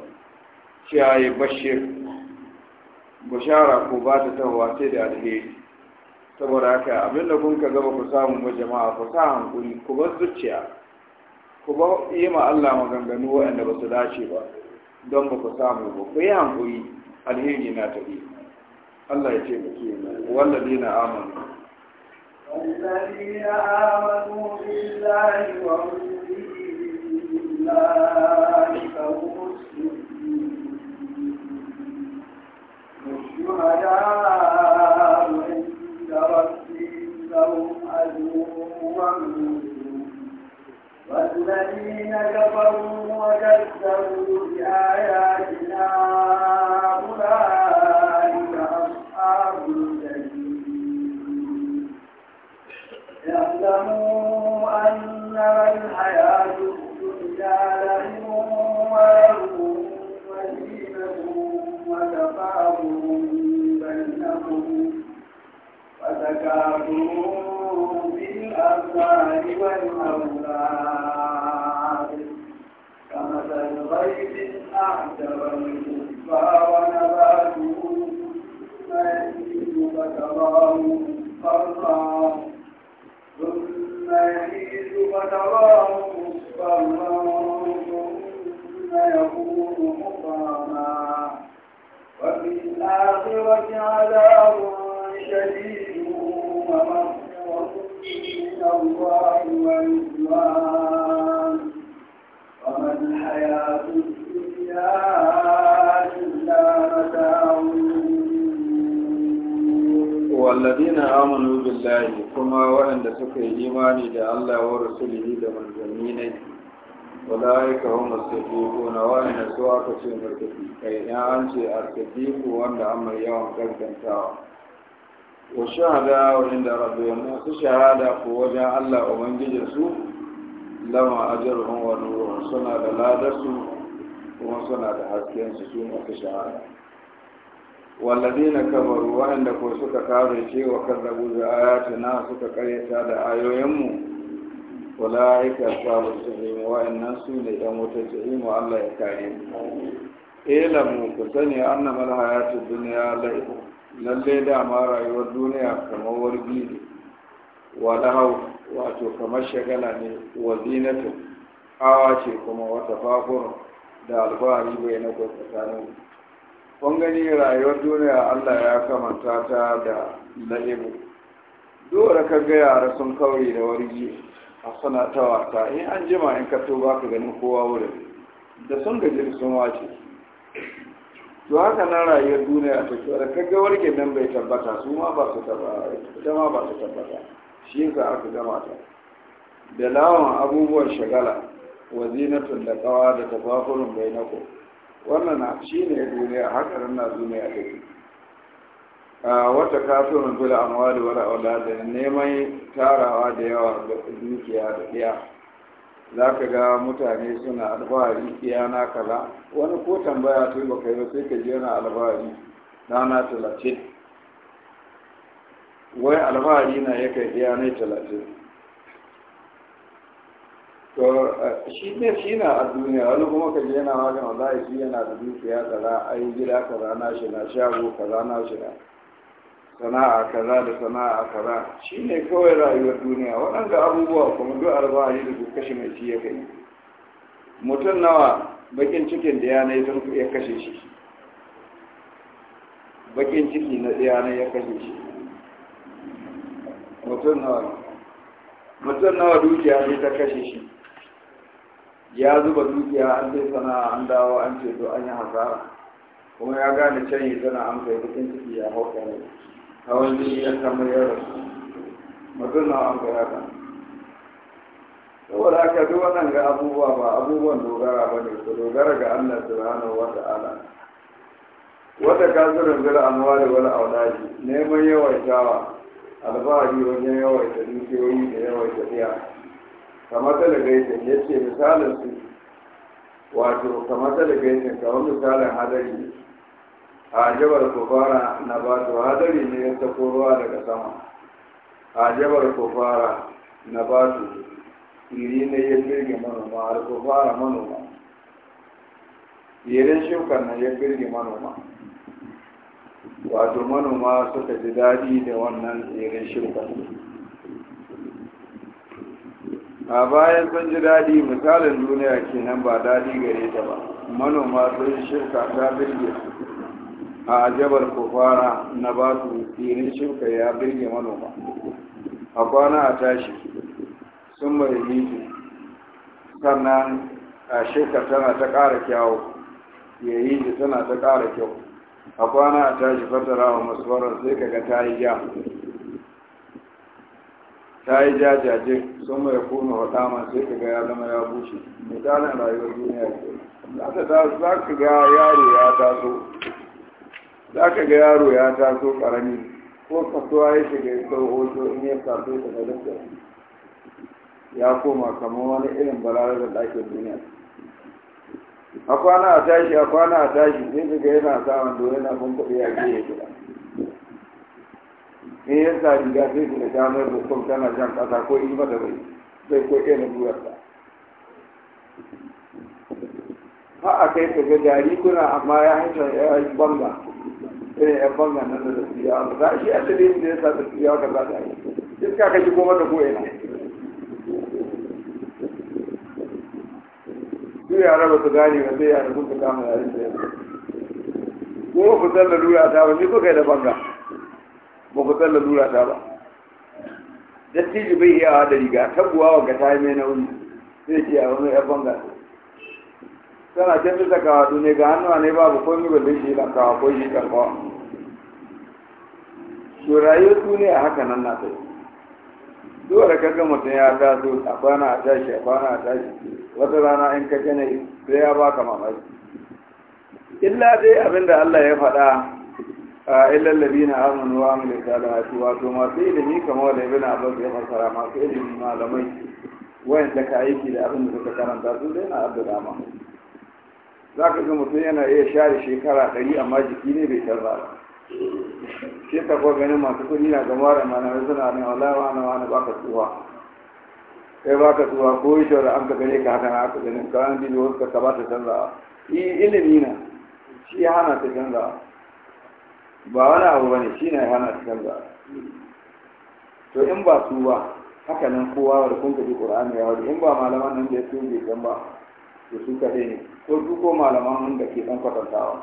ciyaye bashir bashara ko ba ta tawa sai da alheri saboda haka abinda kun ka gaba ku samu ba jama'a ku sa hankuri ku bar zuciya ku ba yi ma Allah maganganu waɗanda ba su dace ba don ba ku samu ba ku yi hankuri alheri na tafi Allah ya ce muke ne na amanu
والذين آمنوا بالله ورسله أولئك هم الشهداء والذين كفروا وكذبوا بآياتنا أولئك أصحاب الجحيم اعلموا أنما الحياة الدنيا لهم ولهم وزينة وتفاخر بينهم وتكاثر الله والأولاد كمثل غيث أعجب الكفار نباته فيزيد فتراه مصفرا ثم يهيج فتراه مصفرا ثم يكون مطعما وفي الآخرة عذاب شديد ومغفرة الله
والذين آمنوا بالله كما وأن سكر الإيمان إلى الله ورسله لمن زمينه أولئك هم الصديقون وأن سواك سيمرتكي أي نعم أنت الصديق وأن أمر يوم قد كنت wa shahada wa inda rabbi masu shahada ko wajen Allah ubangijin su lama ajruhum wa nuruhum suna da ladarsu kuma suna da hasken su su masu shahada والذين كفروا وعند كو suka kafirce wa kazzabu bi ayatina suka karyata da ayoyinmu ulaika ashabu jahim wa innan su ne dan wata jahim Allah ya kare mu ilamu ku sani annama al hayatu dunya la'ibu lallai dama rayuwar duniya kamar wargi ne wa lahau wato kamar shagala ne wa zinatu hawa ce kuma wata fakur da alfahari bai na kwa tsakanin kun gani rayuwar duniya allah ya kamanta ta da la'ibu dole ka ga yara sun kauri da wargi a suna ta wata in an jima in ka to ba ka ganin kowa wurin da sun gaji sun wace to haka na rayuwar duniya ta ke da kaga warke nan bai tabbata su ma ba su tabbata ita ma ba su gama ta da lawan abubuwan shagala wa zinatun da kawa da tafafurin bai na ko. wannan shi ne duniya haka nan na duniya A wata kasuwar fila amwali wani aulada neman tarawa da yawa da dukiya da ɗaya za ka ga mutane suna alfahari iyana kaza wani ko tambaya to yi baka yi ba sai ka ji yana alfahari na talatin wai alfahari na ya kai na talatin to shi ne shi na a duniya wani kuma ka ji yana wajen za a shi yana da dukiya kaza a yi gida kaza na shi na shago kaza na shi na sana'a kaza da sana'a kaza shi ne kawai rayuwar duniya waɗanda abubuwa kuma duk alfahari da duk kashe mai shi ya kai mutum nawa bakin cikin da yanayi sun ya kashe shi bakin ciki na yanayi ya kashe shi mutum nawa mutum nawa dukiya ne ta kashe shi ya zuba dukiya an sai sana'a an dawo an ce to an yi hasara kuma ya gane can yi tana amsa ya bakin ciki ya hauka ne hawan jini ya kama ya rasu mutum na an gaya kan saboda aka duk wannan ga abubuwa ba abubuwan dogara ba ne ku dogara ga Allah subhanahu wata ala. wata kasirin bil wale wal auladi neman yawaitawa alfahari wajen yawaita dukiyoyi da yawaita biya kamar talagaitin ya ce misalin su wato kamar talagaitin kamar misalin hadari Ajabar kufara na ba su hadari ne ya tafi ruwa daga sama Ajabar kufara na ba su iri ne ya birge manoma har kufara manoma irin shukar na ya birge manoma wato manoma suka ji daɗi da wannan irin shukar a bayan sun ji daɗi misalin duniya kenan ba daɗi gare ta ba manoma sun shirka ta birge su a jabar kofara na ba su filin shirka ya birge manoma a kwana a tashi sun mai hiji sannan a shirka tana ta ƙara kyawu ya ji tana ta ƙara kyau a kwana a tashi fatara wa masuwarar sai kaga ta yi ja ta yi ja jaje sun mai kuna hotama sai kaga ya zama ya bushe misalin rayuwar duniya ke? za ka ga yaro ya taso za ka ga yaro ya taso karami ko kasuwa ya shiga ya sau hoto in ya sato ta da lafiya ya koma kamar wani irin balarar da ɗakin duniya a kwana a tashi a kwana a tashi sai ga yana sa wando yana kun kuɗi a ke ya gida in ya sa riga sai su da damar bukum tana jan ƙasa ko yi mata bai sai ko irin duwarsa ha a kai ka ga jari kuna amma ya haifar ya yi banga irin eh, yan bangan nan da tafiya za a shi a cikin da ya sa tafiya ka ba ta yi iska ka goma da ko ina su yara ba su gane ba sai ya sun fita mai da yanzu ko ba ku san lalura ta ba ni ko kai da banga ba ku san lura ta ba dattijo bai iya da riga tabuwa wa ga ta yi mai nauyi sai ce a wani yan banga tana can bisa kawatu ne ga hannuwa ne babu komi wanda shi na kawa ko shi karfa to ne duniya haka nan na yi zuwa da kaga mutum ya taso a kwana a tashi a kwana a tashi wata rana in ka gane sai ya baka mamaki illa dai abinda Allah ya faɗa a illal ladina amanu wa amilu salihati wato masu ilimi kamar da ibn Abbas ya fassara masu ilimi malamai da ka aiki da abin da suka karanta su dai na abdu dama za ka ga mutum yana iya share shekara ɗari amma jiki ne bai canza ba shi ta kuwa ganin masu kuɗi na gama da mana wani suna ne wala wani wani baka tsuwa kai baka tsuwa ko yi shawara an ka gane ka haka na aka ganin ka an bibi wasu ka ba ta canza yi ilimi na shi ya hana ta canza ba wani abu ba ne shi na ya hana ta canza to in ba su ba haka nan kowa wani kun ka ji ƙur'ani ya wuri in ba malaman nan da ya su bai can ba to su kaɗai ne ko duko malaman mun da ke ɗan kwatantawa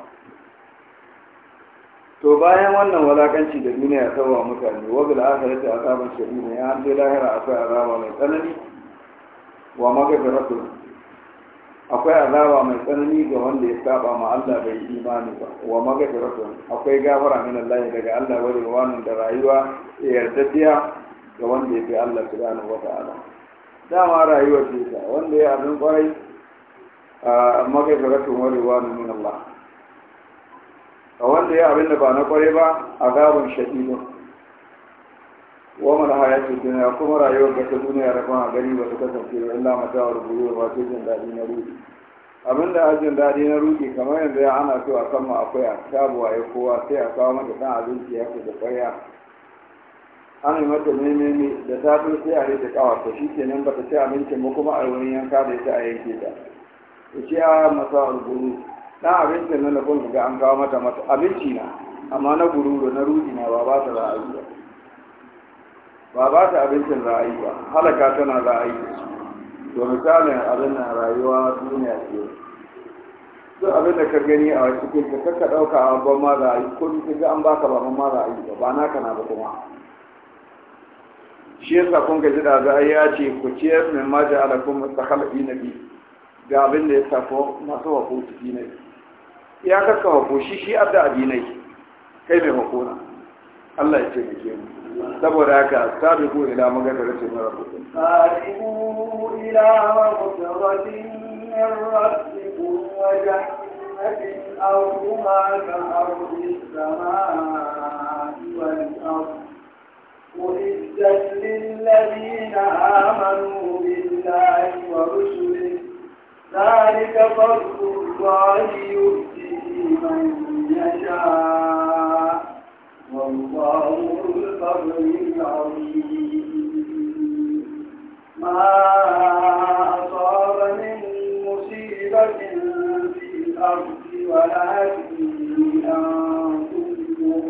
to bayan wannan walakanci da duniya ta wa mutane wabil akhirati azaban shadid ya an lahira akwai azaba mai tsanani wa maghfiratu akwai azaba mai tsanani ga wanda ya saba ma Allah bai imani ba wa maghfiratu akwai gafara min Allah daga Allah wani wani da rayuwa ya yardaddiya ga wanda ya fi Allah subhanahu wa ta'ala dama rayuwar ce wanda ya abin kwarai amma kai ga rashin warewa wa nuna Allah a wanda ya abin da ba na kwarai ba a gaban shadidun wa mana ce duniya kuma rayuwar da ta duniya da kuma gari ba su kasance da illa matawar wa ba ta jin daɗi na ruɗi abin da jin daɗi na ruɗi kamar yanzu ya ana so a kan akwai a tabuwa ya kowa sai a kawo mata ɗan abinci ya da kwaya an yi mata nemeni da ta sai a rage ƙawata shi nan ba ta ci abincin ba kuma a wurin yanka da ita a yanke ta ce a masa alburu na abinci na na ga an kawo mata mata abinci na amma na gururu na rudi na ba ba ta ra'ayi ba ba ba ta abincin ra'ayi ba halaka tana ra'ayi to misalin abin na rayuwa duniya ce duk abin da ka gani a cikin ka kaka ɗauka a ban ma ra'ayi ko ka ga an baka ba ma ra'ayi ba ba naka na ba kuma shi yasa kun ga jida za a ya ce ku ciyar min ma ja'alakum mustaqal na biyu. ga abin da ya tafi masu wako ciki ya kaka wako shi shi kai mai wako na Allah ya ce da ke mu saboda haka sabi ko ila magadar ce na rabu
sabiqu ila maghfiratin min rabbikum wa jannatin arduha ka ardi samaa'i wal ardi أعدت للذين آمنوا بالله ذلك فضل الله يؤتيه من يشاء والله ذو الفضل العظيم ما أصاب من مصيبة في الأرض ولا في أنفسكم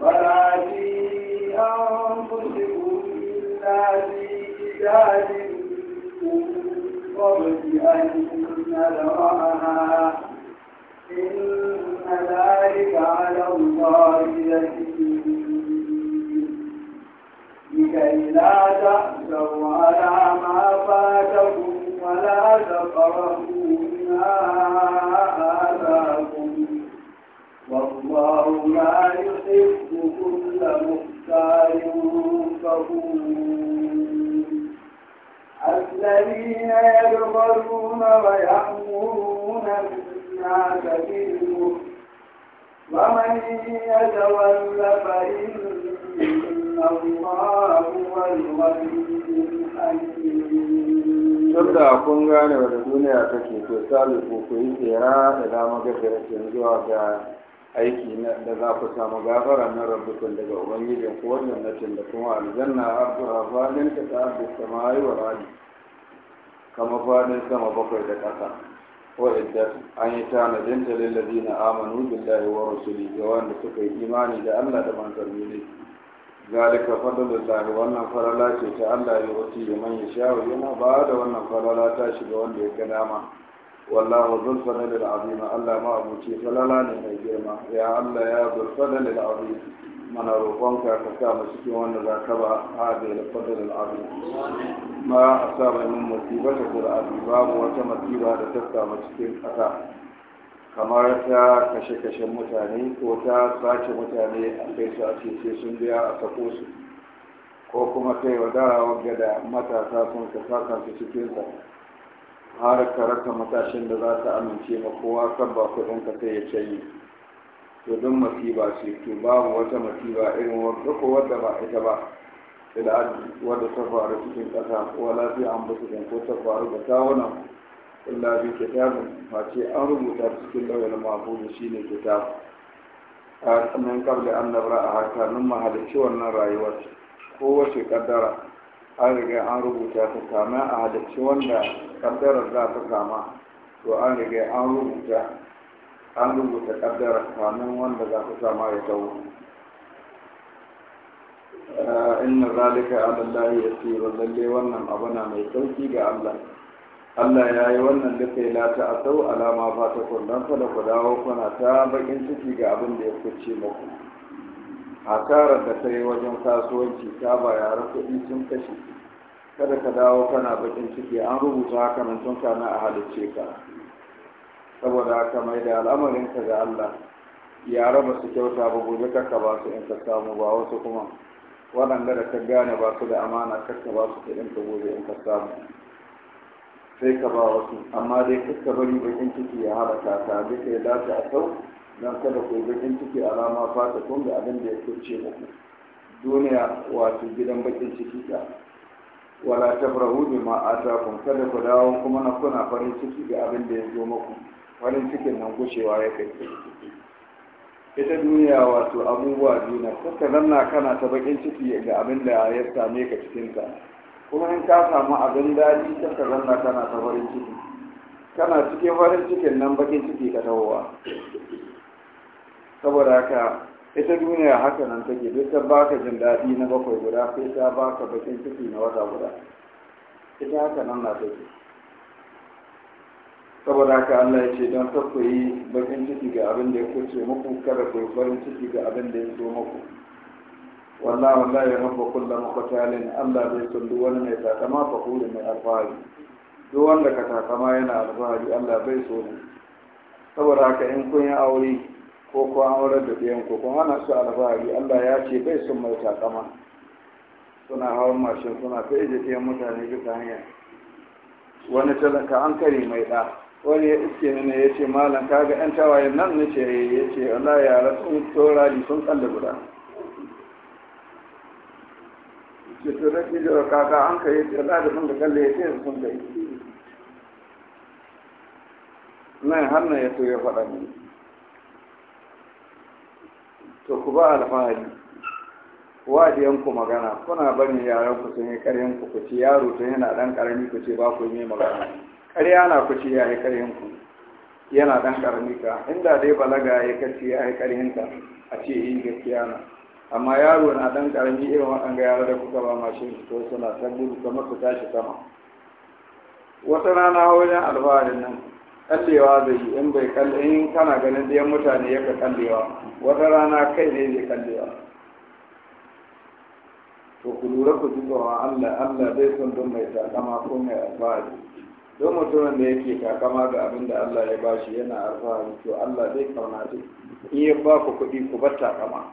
ولا في أنفسكم إلا في كتاب قبل أن نذرأها إن ذلك على الله يسير لكي لا تأسوا على ما فاتكم ولا تفرحوا
ko ku yi tsera da dama gafiratin zuwa ga aiki da za ku samu gafara na rabbukun daga ubangijin ko wannan natin da kuma aljanna arduha fadin ta ta ardu yi wa rani kama fadin sama bakwai da ƙasa Ko iddat an yi tanadin ta na amanu billahi wa rasuli ga wanda suka yi imani da Allah da manzanni ne zalika fadlullahi wannan farala ce ta Allah ya wuce man manya sha yana ba da wannan farala ta shiga wanda ya ga dama wallahu zul fadlil azim Allah ma abuci falala ne mai girma ya Allah ya zul fadlil azim mana roƙonka ka sa mu cikin wanda za ka ba hadin fadlil azim ma asaba min musibata fil azim babu wata musiba da ta samu cikin ƙasa kamar ta kashe-kashen mutane ko ta sace mutane a kai a cece sun biya a sako su ko kuma ta yi wadara wadda da matasa sun kasa kansu cikinsa har ka raka matashin da za ta amince ma kowa kan ba kuɗin ka sai ya canyi to don masiba ce to babu wata masiba irin wadda ko wadda ba ita ba ila'adu wadda ta faru cikin ƙasa ko lafiya an cikin ko ta faru da wuna illa bi kitabin ce an rubuta cikin lauyan shi shine kitab a nan kabla an nabra a mun mahalicci wannan rayuwar kowace kaddara an riga an rubuta ta kama a halarci wanda kaddarar za ta kama to an riga an rubuta an rubuta kaddarar kamin wanda za ta kama ya tawo eh, inna zalika ala ya lalle wannan abu na mai sauki ga Allah Allah ya yi wannan duka ya ta a sau alama fata ta don kada ku dawo kuna ta bakin ciki ga abin da ya fice muku A karar da ta yi wajen kasuwanci ta bayar kuɗi sun kashe kada ka dawo kana bakin ciki an rubuta haka nan tun kana a halicce ka saboda haka mai da al'amarinka ga Allah yara ba su kyauta ba gobe ka ba su in ka samu ba wasu kuma waɗanda da ka gane ba su da amana ka ba su kuɗin ka gobe in ka samu sai ka ba wasu amma dai kuka bari bakin ciki ya haɗa ta duka ya dace a sau don kada ku bakin ciki a rama fata kun da abin da ya kurce muku duniya wato gidan bakin ciki ta wala tafrahu bima atakum kada ku dawo kuma na kuna farin ciki ga abin da ya zo muku farin cikin nan gushewa ya kai ita duniya wato abubuwa biyu na kuka zanna kana ta bakin ciki ga abin da ya same ka cikin ka kuma in ka samu abin daɗi kuka zanna kana ta farin ciki kana cikin farin cikin nan bakin ciki ka tawowa saboda haka ita duniya haka nan take duk ta baka jin daɗi na bakwai guda sai ta baka bakin ciki na wata guda ita haka nan na take saboda haka Allah ya ce don ku yi bakin ciki ga abin da ya kuce muku kada ku bari farin ciki ga abin da ya so muku wallah wallah ya rabba kulla muqtalin Allah bai son duk wani mai takama fa kuri mai alfahari duk wanda ka takama yana alfahari Allah bai so ne saboda haka in kun yi aure ko ko an aurar da ɗayan ko kuma ana su alfahari Allah ya ce bai sun mai takama suna hawan mashin suna ta da ɗayan mutane bisa hanya wani ka an kare mai ɗa wani ya iske ne ya ce malam ga yan tawayen nan ce eh, ya ce Allah ya rasu taurari sun tsalle guda ce to da ke jira kaka an kare ce Allah da sun da kalle ya ce sun kai nan har ya to ya faɗa ne to ku ba alfahari ku magana kuna barin ku sun yi karyan ku ku ce yaro tun yana dan ƙarami ku ce ba ku yi magana karya na ku ce ya yi ku yana dan ƙarami ka inda dai balaga ya kace ya yi ka a ce yi eh, gaskiya na amma yaro na dan ƙarami irin ga yaro da kuka ba mashin to suna san gudu kamar su tashi sama wata rana wajen alfaharin nan kallewa da yi in bai kalle in kana ganin 'yan mutane yaka kallewa wata rana kai ne zai kallewa to ku lura ku ji tsoron Allah Allah zai son don mai takama ko mai alfahari don mutumin da yake takama ga abin da Allah ya bashi yana alfahari to Allah zai kauna shi in ya ba ku kuɗi ku bar takama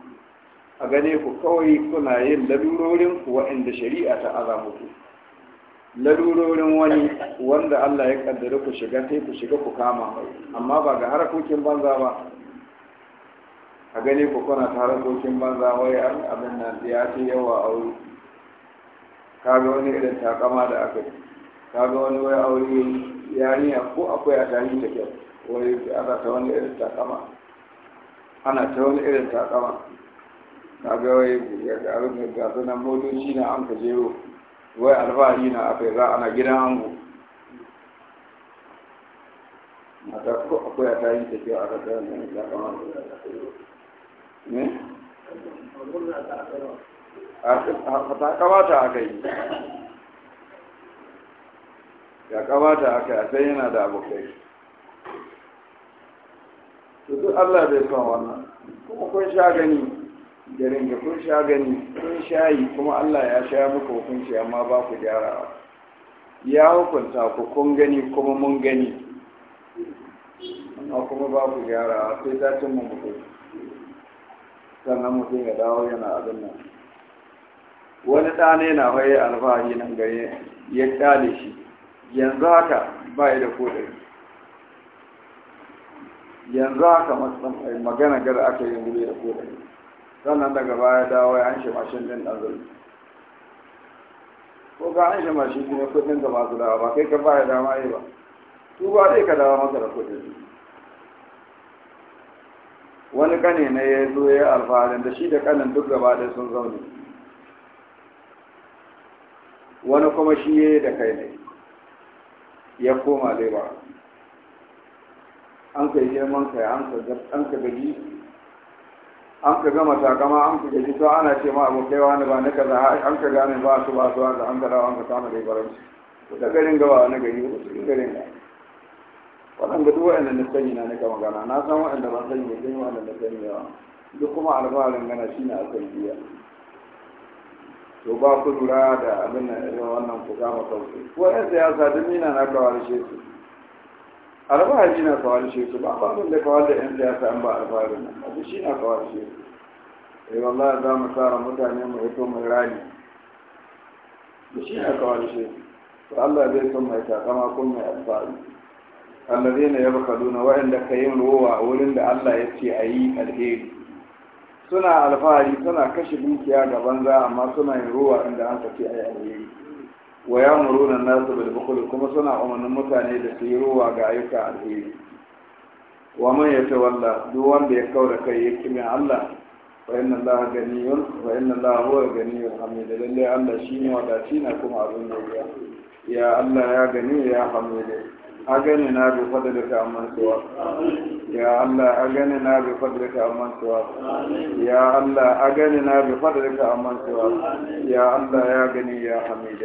a gane ku kawai kuna yin lalurorin ku waɗanda shari'a ta aza muku larurorin wani wanda Allah ya kaddara ku shiga sai ku shiga ku kama amma ba ga harakokin banza ba a gani ku kuna ta harakokin banza wai abin na ya ce yawa Ka kaga wani irin takama da aka yi kaga wani wai aure ya a ko akwai a tarihi da kyau wai aka ta wani irin takama ana ta wani irin takama kaga wai ga abin da gasa na motoci na an ka jero wai alfahari na aka za a ana gidan ango mata ko akwai a tayin tafiya a kasar da ya kama ne? a ta kamata aka yi ya kamata aka yi sai yana da abokai su duk allah bai son wannan kuma kun sha gani da kun sha gani kun shayi kuma Allah ya sha muku hukunci amma ba ku gyarawa ya hukunta ku kun gani kuma mun gani amma kuma ba ku gyarawa sai dacin mu mutum sannan mutum ya dawo yana abin nan wani ɗane na waye alfahari nan gare ya kyale shi yanzu haka ba yi da kodari yanzu haka eh, magana gara aka yi wuri da kodari sannan daga baya dawo ya an shi mashin ɗin ɗan zuri ko ga an shi mashin ɗin kuɗin da masu dawa ba kai ka baya dama yi ba su ba zai ka dawo masa da kudin wani kane na ya zo ya alfaharin da shi da kanin duk gaba da sun zaune wani kuma shi ya yi da kai ne ya koma dai ba an ka yi girman kai an ka gaji an ka gama takama an ka gaji to ana ce ma abokai wani ba na kaza an ka gane ba su ba su haka an ka dawo an ka kama da ibaranci ko da garin gaba na gari ko cikin garin ga waɗanda duk waɗanda na sani na ka magana na san waɗanda ba sani ba sani waɗanda na sani ya duk kuma alfarin gana shi ne akan biya to ba ku lura da abin nan wannan ku gama sauki ko yan siyasa duk nina na kawo shi su alfahari na shi su ba abin da kawar da 'yan siyasa an ba alfahari nan abu shi na kawarshe su Eh wallah za mu tsara mutane mu hito mai rani da shi na shi su allah zai san mai takama kun mai alfahari allazi ne ya baka duna waɗanda ka ruwa a wurin da allah ya ce a yi alheri suna alfahari suna kashe dukiya ga banza amma suna yin ruwa inda an tafi a yi alheri wa ya muruna nasu da kuma suna umarnin mutane da su yi ruwa ga ayyuka alheri wa man walla? duk wanda ya da kai ya kime Allah wa inna Allah ganiyun wa inna Allah huwa ganiyun hamidu lalle Allah shine wadaci na kuma abin da ya Allah ya gani ya Hamidu. أجننا بفضلك أمن سواك يا الله أجننا بفضلك أمن سواك يا الله أجننا بفضلك أمن سواك يا الله يا غني يا حميد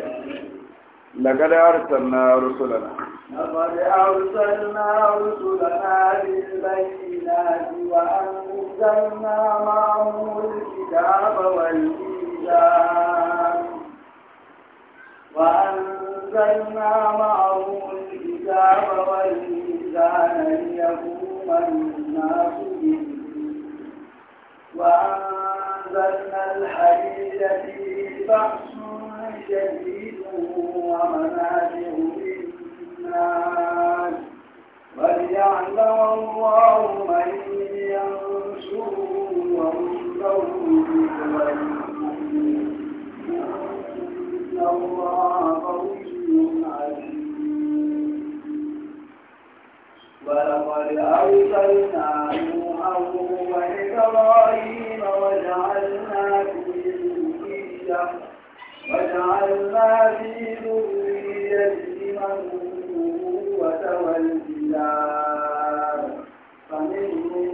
لقد أرسلنا رسلنا
لقد أرسلنا رسلنا بالبينات وأنزلنا معهم الكتاب والميزان وأنزلنا معهم الكتاب الكتاب والميزان ليقوم الناس به وأنزلنا الحديد فيه بأس شديد ومنافع للناس وليعلم الله من ينصره ورسله بالغيب إن الله قوي عزيز فلقد أرسلنا نوحا وإبراهيم وجعلنا في ذريته وجعلنا في ذريتهما القوة والبلاد فمنهم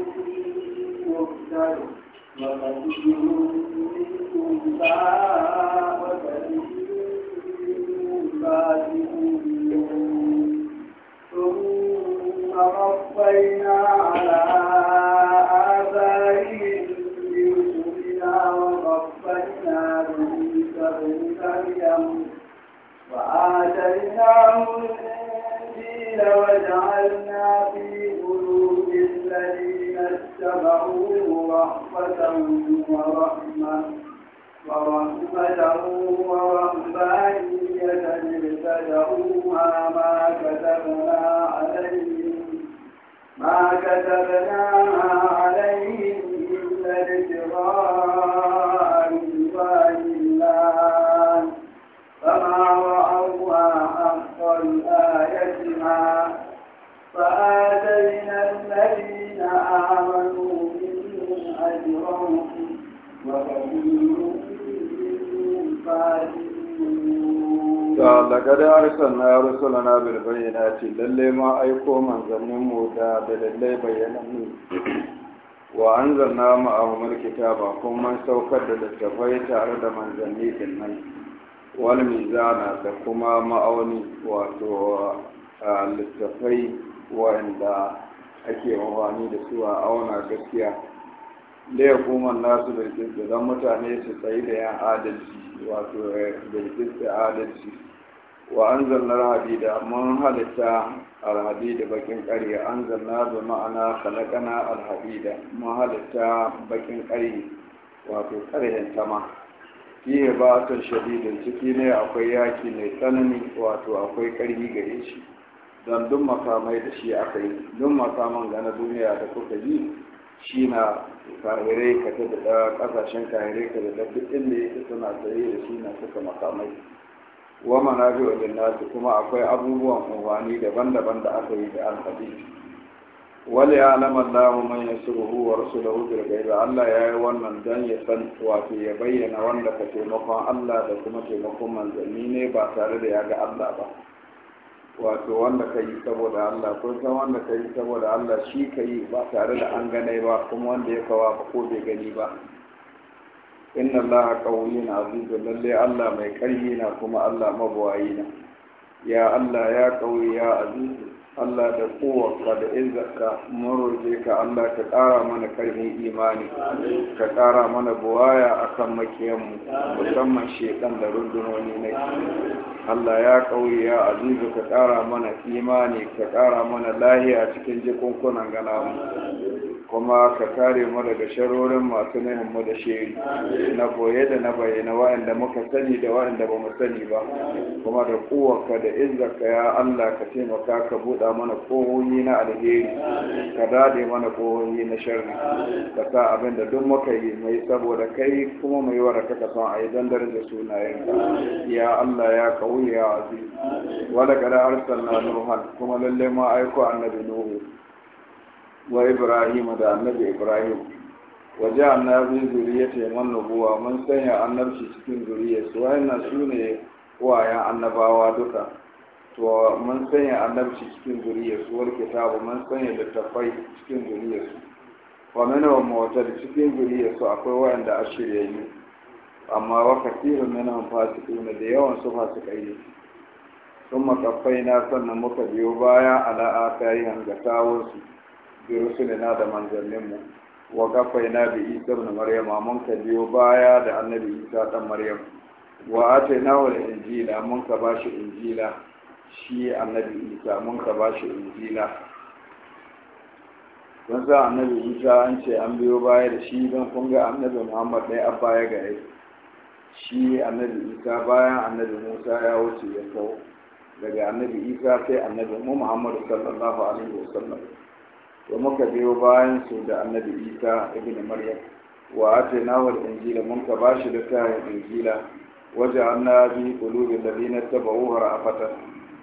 مهتد وكثير منهم باء وكثير باطل وقفينا على آثارهم برسلنا وقفينا بعيسى ابن مريم وآتيناه الإنجيل وجعلنا في قلوب الذين اتبعوه رحمة ورحمة ورحمة ورهبانية ابتدعوها ما كتبنا عليهم ما كتبناها عليهم إلا ابتغاء رضوان الله فما رأوها حق آيتها فآتينا الذين آمنوا منهم أجرهم وكثير منهم فاسقون ta
lagada na nabir bayyana ce, lalle ma aiko manzannin mu da bayyana ne. wa an zanna anzalna ma'ahumul kitaba kuma mun saukar da littafai tare da manzanni din nan mizana da kuma ma'auni wato littafai wa'anda ake amfani da su a auna gaskiya da ya kuma nasu bilkis don mutane su tsayi da yan adalci wato bilkis eh, da adalci wa an zannar da mun halitta da bakin kari an zanna da ma'ana kalakana da mun halitta bakin kari wato ƙaryan tama fiye ba ta shadidin ciki ne akwai yaki mai tsanani wato akwai ƙarfi gare shi don duk makamai da shi aka yi duk makaman ga na duniya da kuka yi shi na kahirai ka ta da kasashen kahirai ka da duk inda yake suna tsaye da shi na suka makamai wa kuma akwai abubuwan umarni daban-daban da aka yi da alhadisi
wale alamar
damu man ya suruhu wa rasulahu bil Allah ya yi wannan don ya san wato ya bayyana wanda ka taimakon Allah da kuma taimakon manzanni ne ba tare da ya ga Allah ba wato wanda ka yi saboda Allah ko san wanda ka yi saboda Allah shi ka yi ba tare da an gane ba kuma wanda ya kawa ba ko bai gani ba inna Allah qawiyyun azizun lalle Allah mai karfi na kuma Allah mabuwayi na ya Allah ya qawi ya aziz Allah da kowarka da izzarka maroje ka Allah ka ƙara mana karfin imani ka ƙara mana buwaya a kan makiyanmu musamman shekan da rundunoni na Allah ya ƙauye ya azizu ka ƙara mana imani ka ƙara mana lahiya cikin jikunkunan ganamu kuma ka kare mu daga sharorin masu nuhin mu da shiri na koye da na bayyana wa'anda muka sani da wa'anda ba mu sani ba kuma da kowaka da izzarka ya Allah ka taimaka ka buɗa mana kohoyi na alheri ka daɗe mana kohoyi na sharri ka sa abin da duk muka yi mai saboda kai kuma mai waraka ka san a yi dandar da sunayenka ya Allah ya kawo ya aziz wala kada arsalna nuhan kuma lallai ma aiko annabi nuhu wa ibrahim da annabi ibrahim waje annabi zuriyata man nubuwa mun sanya annabci cikin zuriyarsu wayannan su ne uwayen annabawa duka to mun sanya annabci cikin zuriyarsu wal kitabu mun sanya littafai cikin zuriyarsu wa mana wa mawtar cikin zuriyarsu akwai wayanda a yi. amma wa kasirun minhum fasiquna da yawan su fasikai ne sun makafai na sannan muka biyo baya ala akayin ga tawonsu bi rusulina da manzanninmu wa kafaina bi isa ibn maryama mun ka biyo baya da annabi isa dan maryam wa atayna wal injila mun ka ba shi injila shi annabi isa mun ka ba shi injila don sa annabi isa an ce an biyo baya da shi don kun ga annabi muhammad ɗaya a baya ga yi shi annabi isa bayan annabi musa ya wuce ya kawo daga annabi isa sai annabi mu muhammadu sallallahu alaihi wa sallam. to muka biyo bayan su da annabi isa ibn maryam wa atainahu al-injila mun ka bashi kayan injila waja'alna bi qulubi alladhina tabauha ra'afatan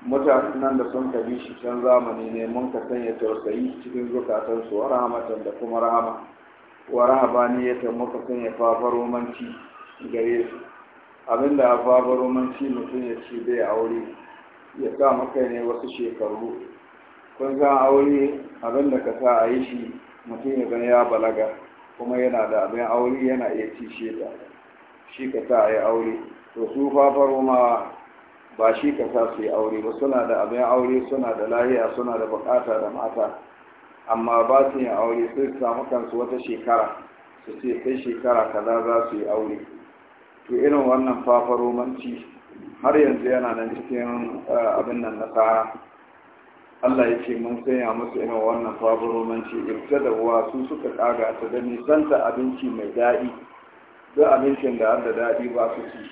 mutanen da sun kabi shi can zamani ne mun ka sanya tausayi cikin zukatan su wa rahmatan da kuma rahama wa rahabaniyata muka sanya fafaromanci gare su abinda a fafaromanci mutum ya ci bai aure ya sa maka ne wasu shekaru kun ga aure abin da ka sa a yi shi mutum ya ya balaga kuma yana da abin aure yana iya shi ta shi ka sa a yi aure to su fafar ma ba shi ka sa su yi aure ba suna da abin aure suna da lahiya suna da bukata da mata amma ba su yi aure sai su samu kansu wata shekara su ce sai shekara kaza za su yi aure to irin wannan fafaromanci har yanzu yana nan cikin eh, abin nan na nasara Allah ya ce mun sanya musu irin wannan da wa su suka kaga ta da nisanta abinci mai daɗi duk abincin da har da daɗi ba su ci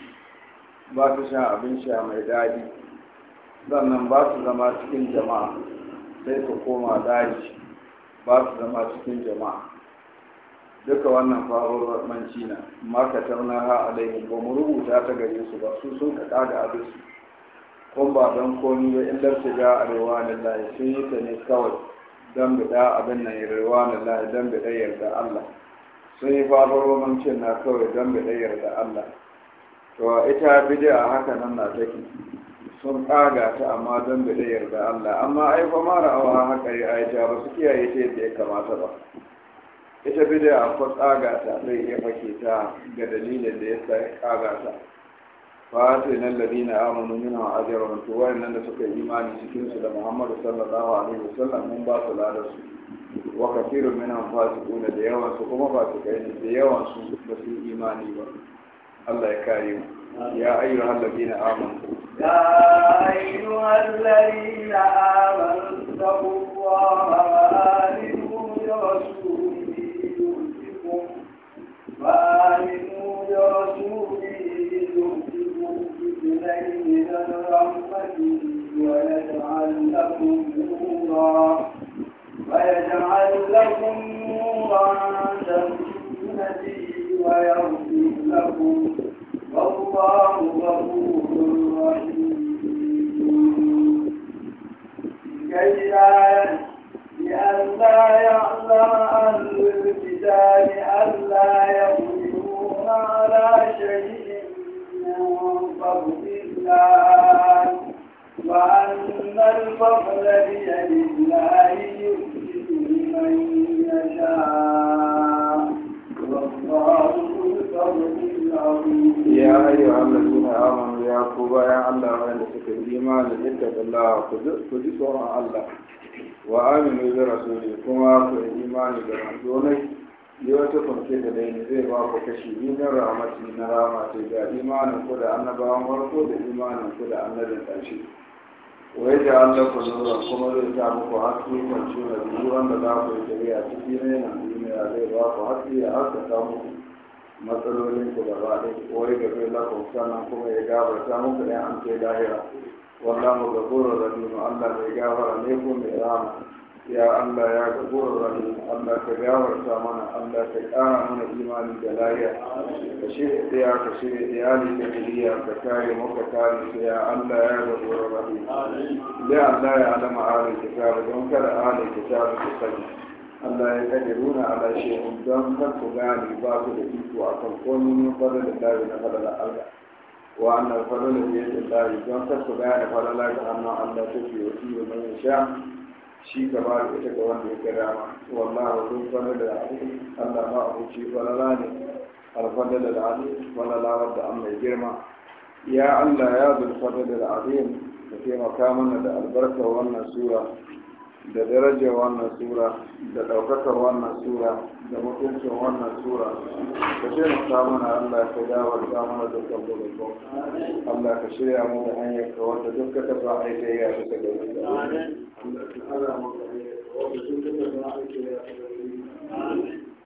ba su shan abinci mai daɗi sannan ba su zama cikin jama'a sai su koma daji ba su zama cikin jama'a duka wannan faruwar manci na maka tauna ha alaihi ba mu rubuta ta gare su ba su sun kaɗa da abin su kun ba don komi ba in lar shiga a na lahi sun yi ta ne kawai don bida abin nan na lahi don bida yarda Allah sun yi fafaro mancin na kawai don bida yarda Allah to ita bidi'a haka nan na take sun kaga ta amma don bida yarda Allah amma ai fa ma ra'awa haka ya aisha ba su kiyaye ta yadda ya kamata ba ita bidi'a ko tsaga ta zai iya fake ta ga dalilin da ya sa ya tsaga ta fata nan ladina amanu minhum ajrun to nan da suka yi imani cikin su da Muhammadu sallallahu alaihi wasallam mun ba su ladar su wa kathirun minhum fasiquna da yawan su kuma fasikai ne da yawan su ba su imani ba Allah ya kare mu ya ayyuhal ladina amanu ya
ayyuhal ladina amanu taqullaha wa aminu bi rasulihi wa aminu bi rasulihi إليه من رحمته ويجعل لكم نورا ويجعل لكم نورا تمشون به ويغفر لكم والله غفور رحيم كي لا لئلا يعلم أهل الكتاب ألا يقدرون على شيء فضل الله وأن الفضل بيد الله يؤتيه من يشاء والله ذو الفضل العظيم يا أيها الذين آمنوا
يا كوبا يا الله وأنتم الإيمان اتقوا الله وخذوا الله وآمنوا برسوله كما في الإيمان برسوله wata ke da dai zai ba ku kashi biyu na ramati na rama ta ga imanin ku da annabawan farko da imanin ku da annabin ƙarshe wai da allah ku kuma zai sa muku haske kwanci na biyu wanda za ku yi gari a ciki na yana duniya zai ba ku haske ya haskaka muku matsalolin ku da ba ɗin wai da zai lafa sannan kuma ya gabata muku ɗan an ce lahira ga gafurur rahim allah mai gafara ne ku mai rama ya Allah ya gabuwar rahim Allah ka gawarta mana Allah ka ƙara mana imani da lafiya ka shirya tsaya ka shirya iyali da kiriya ka kare muka kare su ya Allah ya gabuwar rahim da Allah ya alama alin kitabu don kada alin kitabu ta sani Allah ya nuna ala shehun don kar ku gane ba ku da iko akan komin fadar da lafiya na fadar Allah وأن الفضل بيد الله وأن تسبع Allah لا أن الله تفي وتي ومن sha. shi gaba da ita ga wanda ya gada ma wallahi da al'adu Allah ma abuci falala ne alfadar da al'adu falala da an mai girma ya Allah ya zulfada da al'adu ka taimaka mana da albarkar wannan sura da darajar wannan sura da ɗaukakar wannan sura da mutuncin wannan sura ka taimaka samuna allah ka dawar samuna da sabo da ko allah ka shirya mu da hanyar ka wanda duk ka tafa a ita ya ta gari allah ka hana mu da hanyar ka
wanda duk ka tafa a ita ya ta gari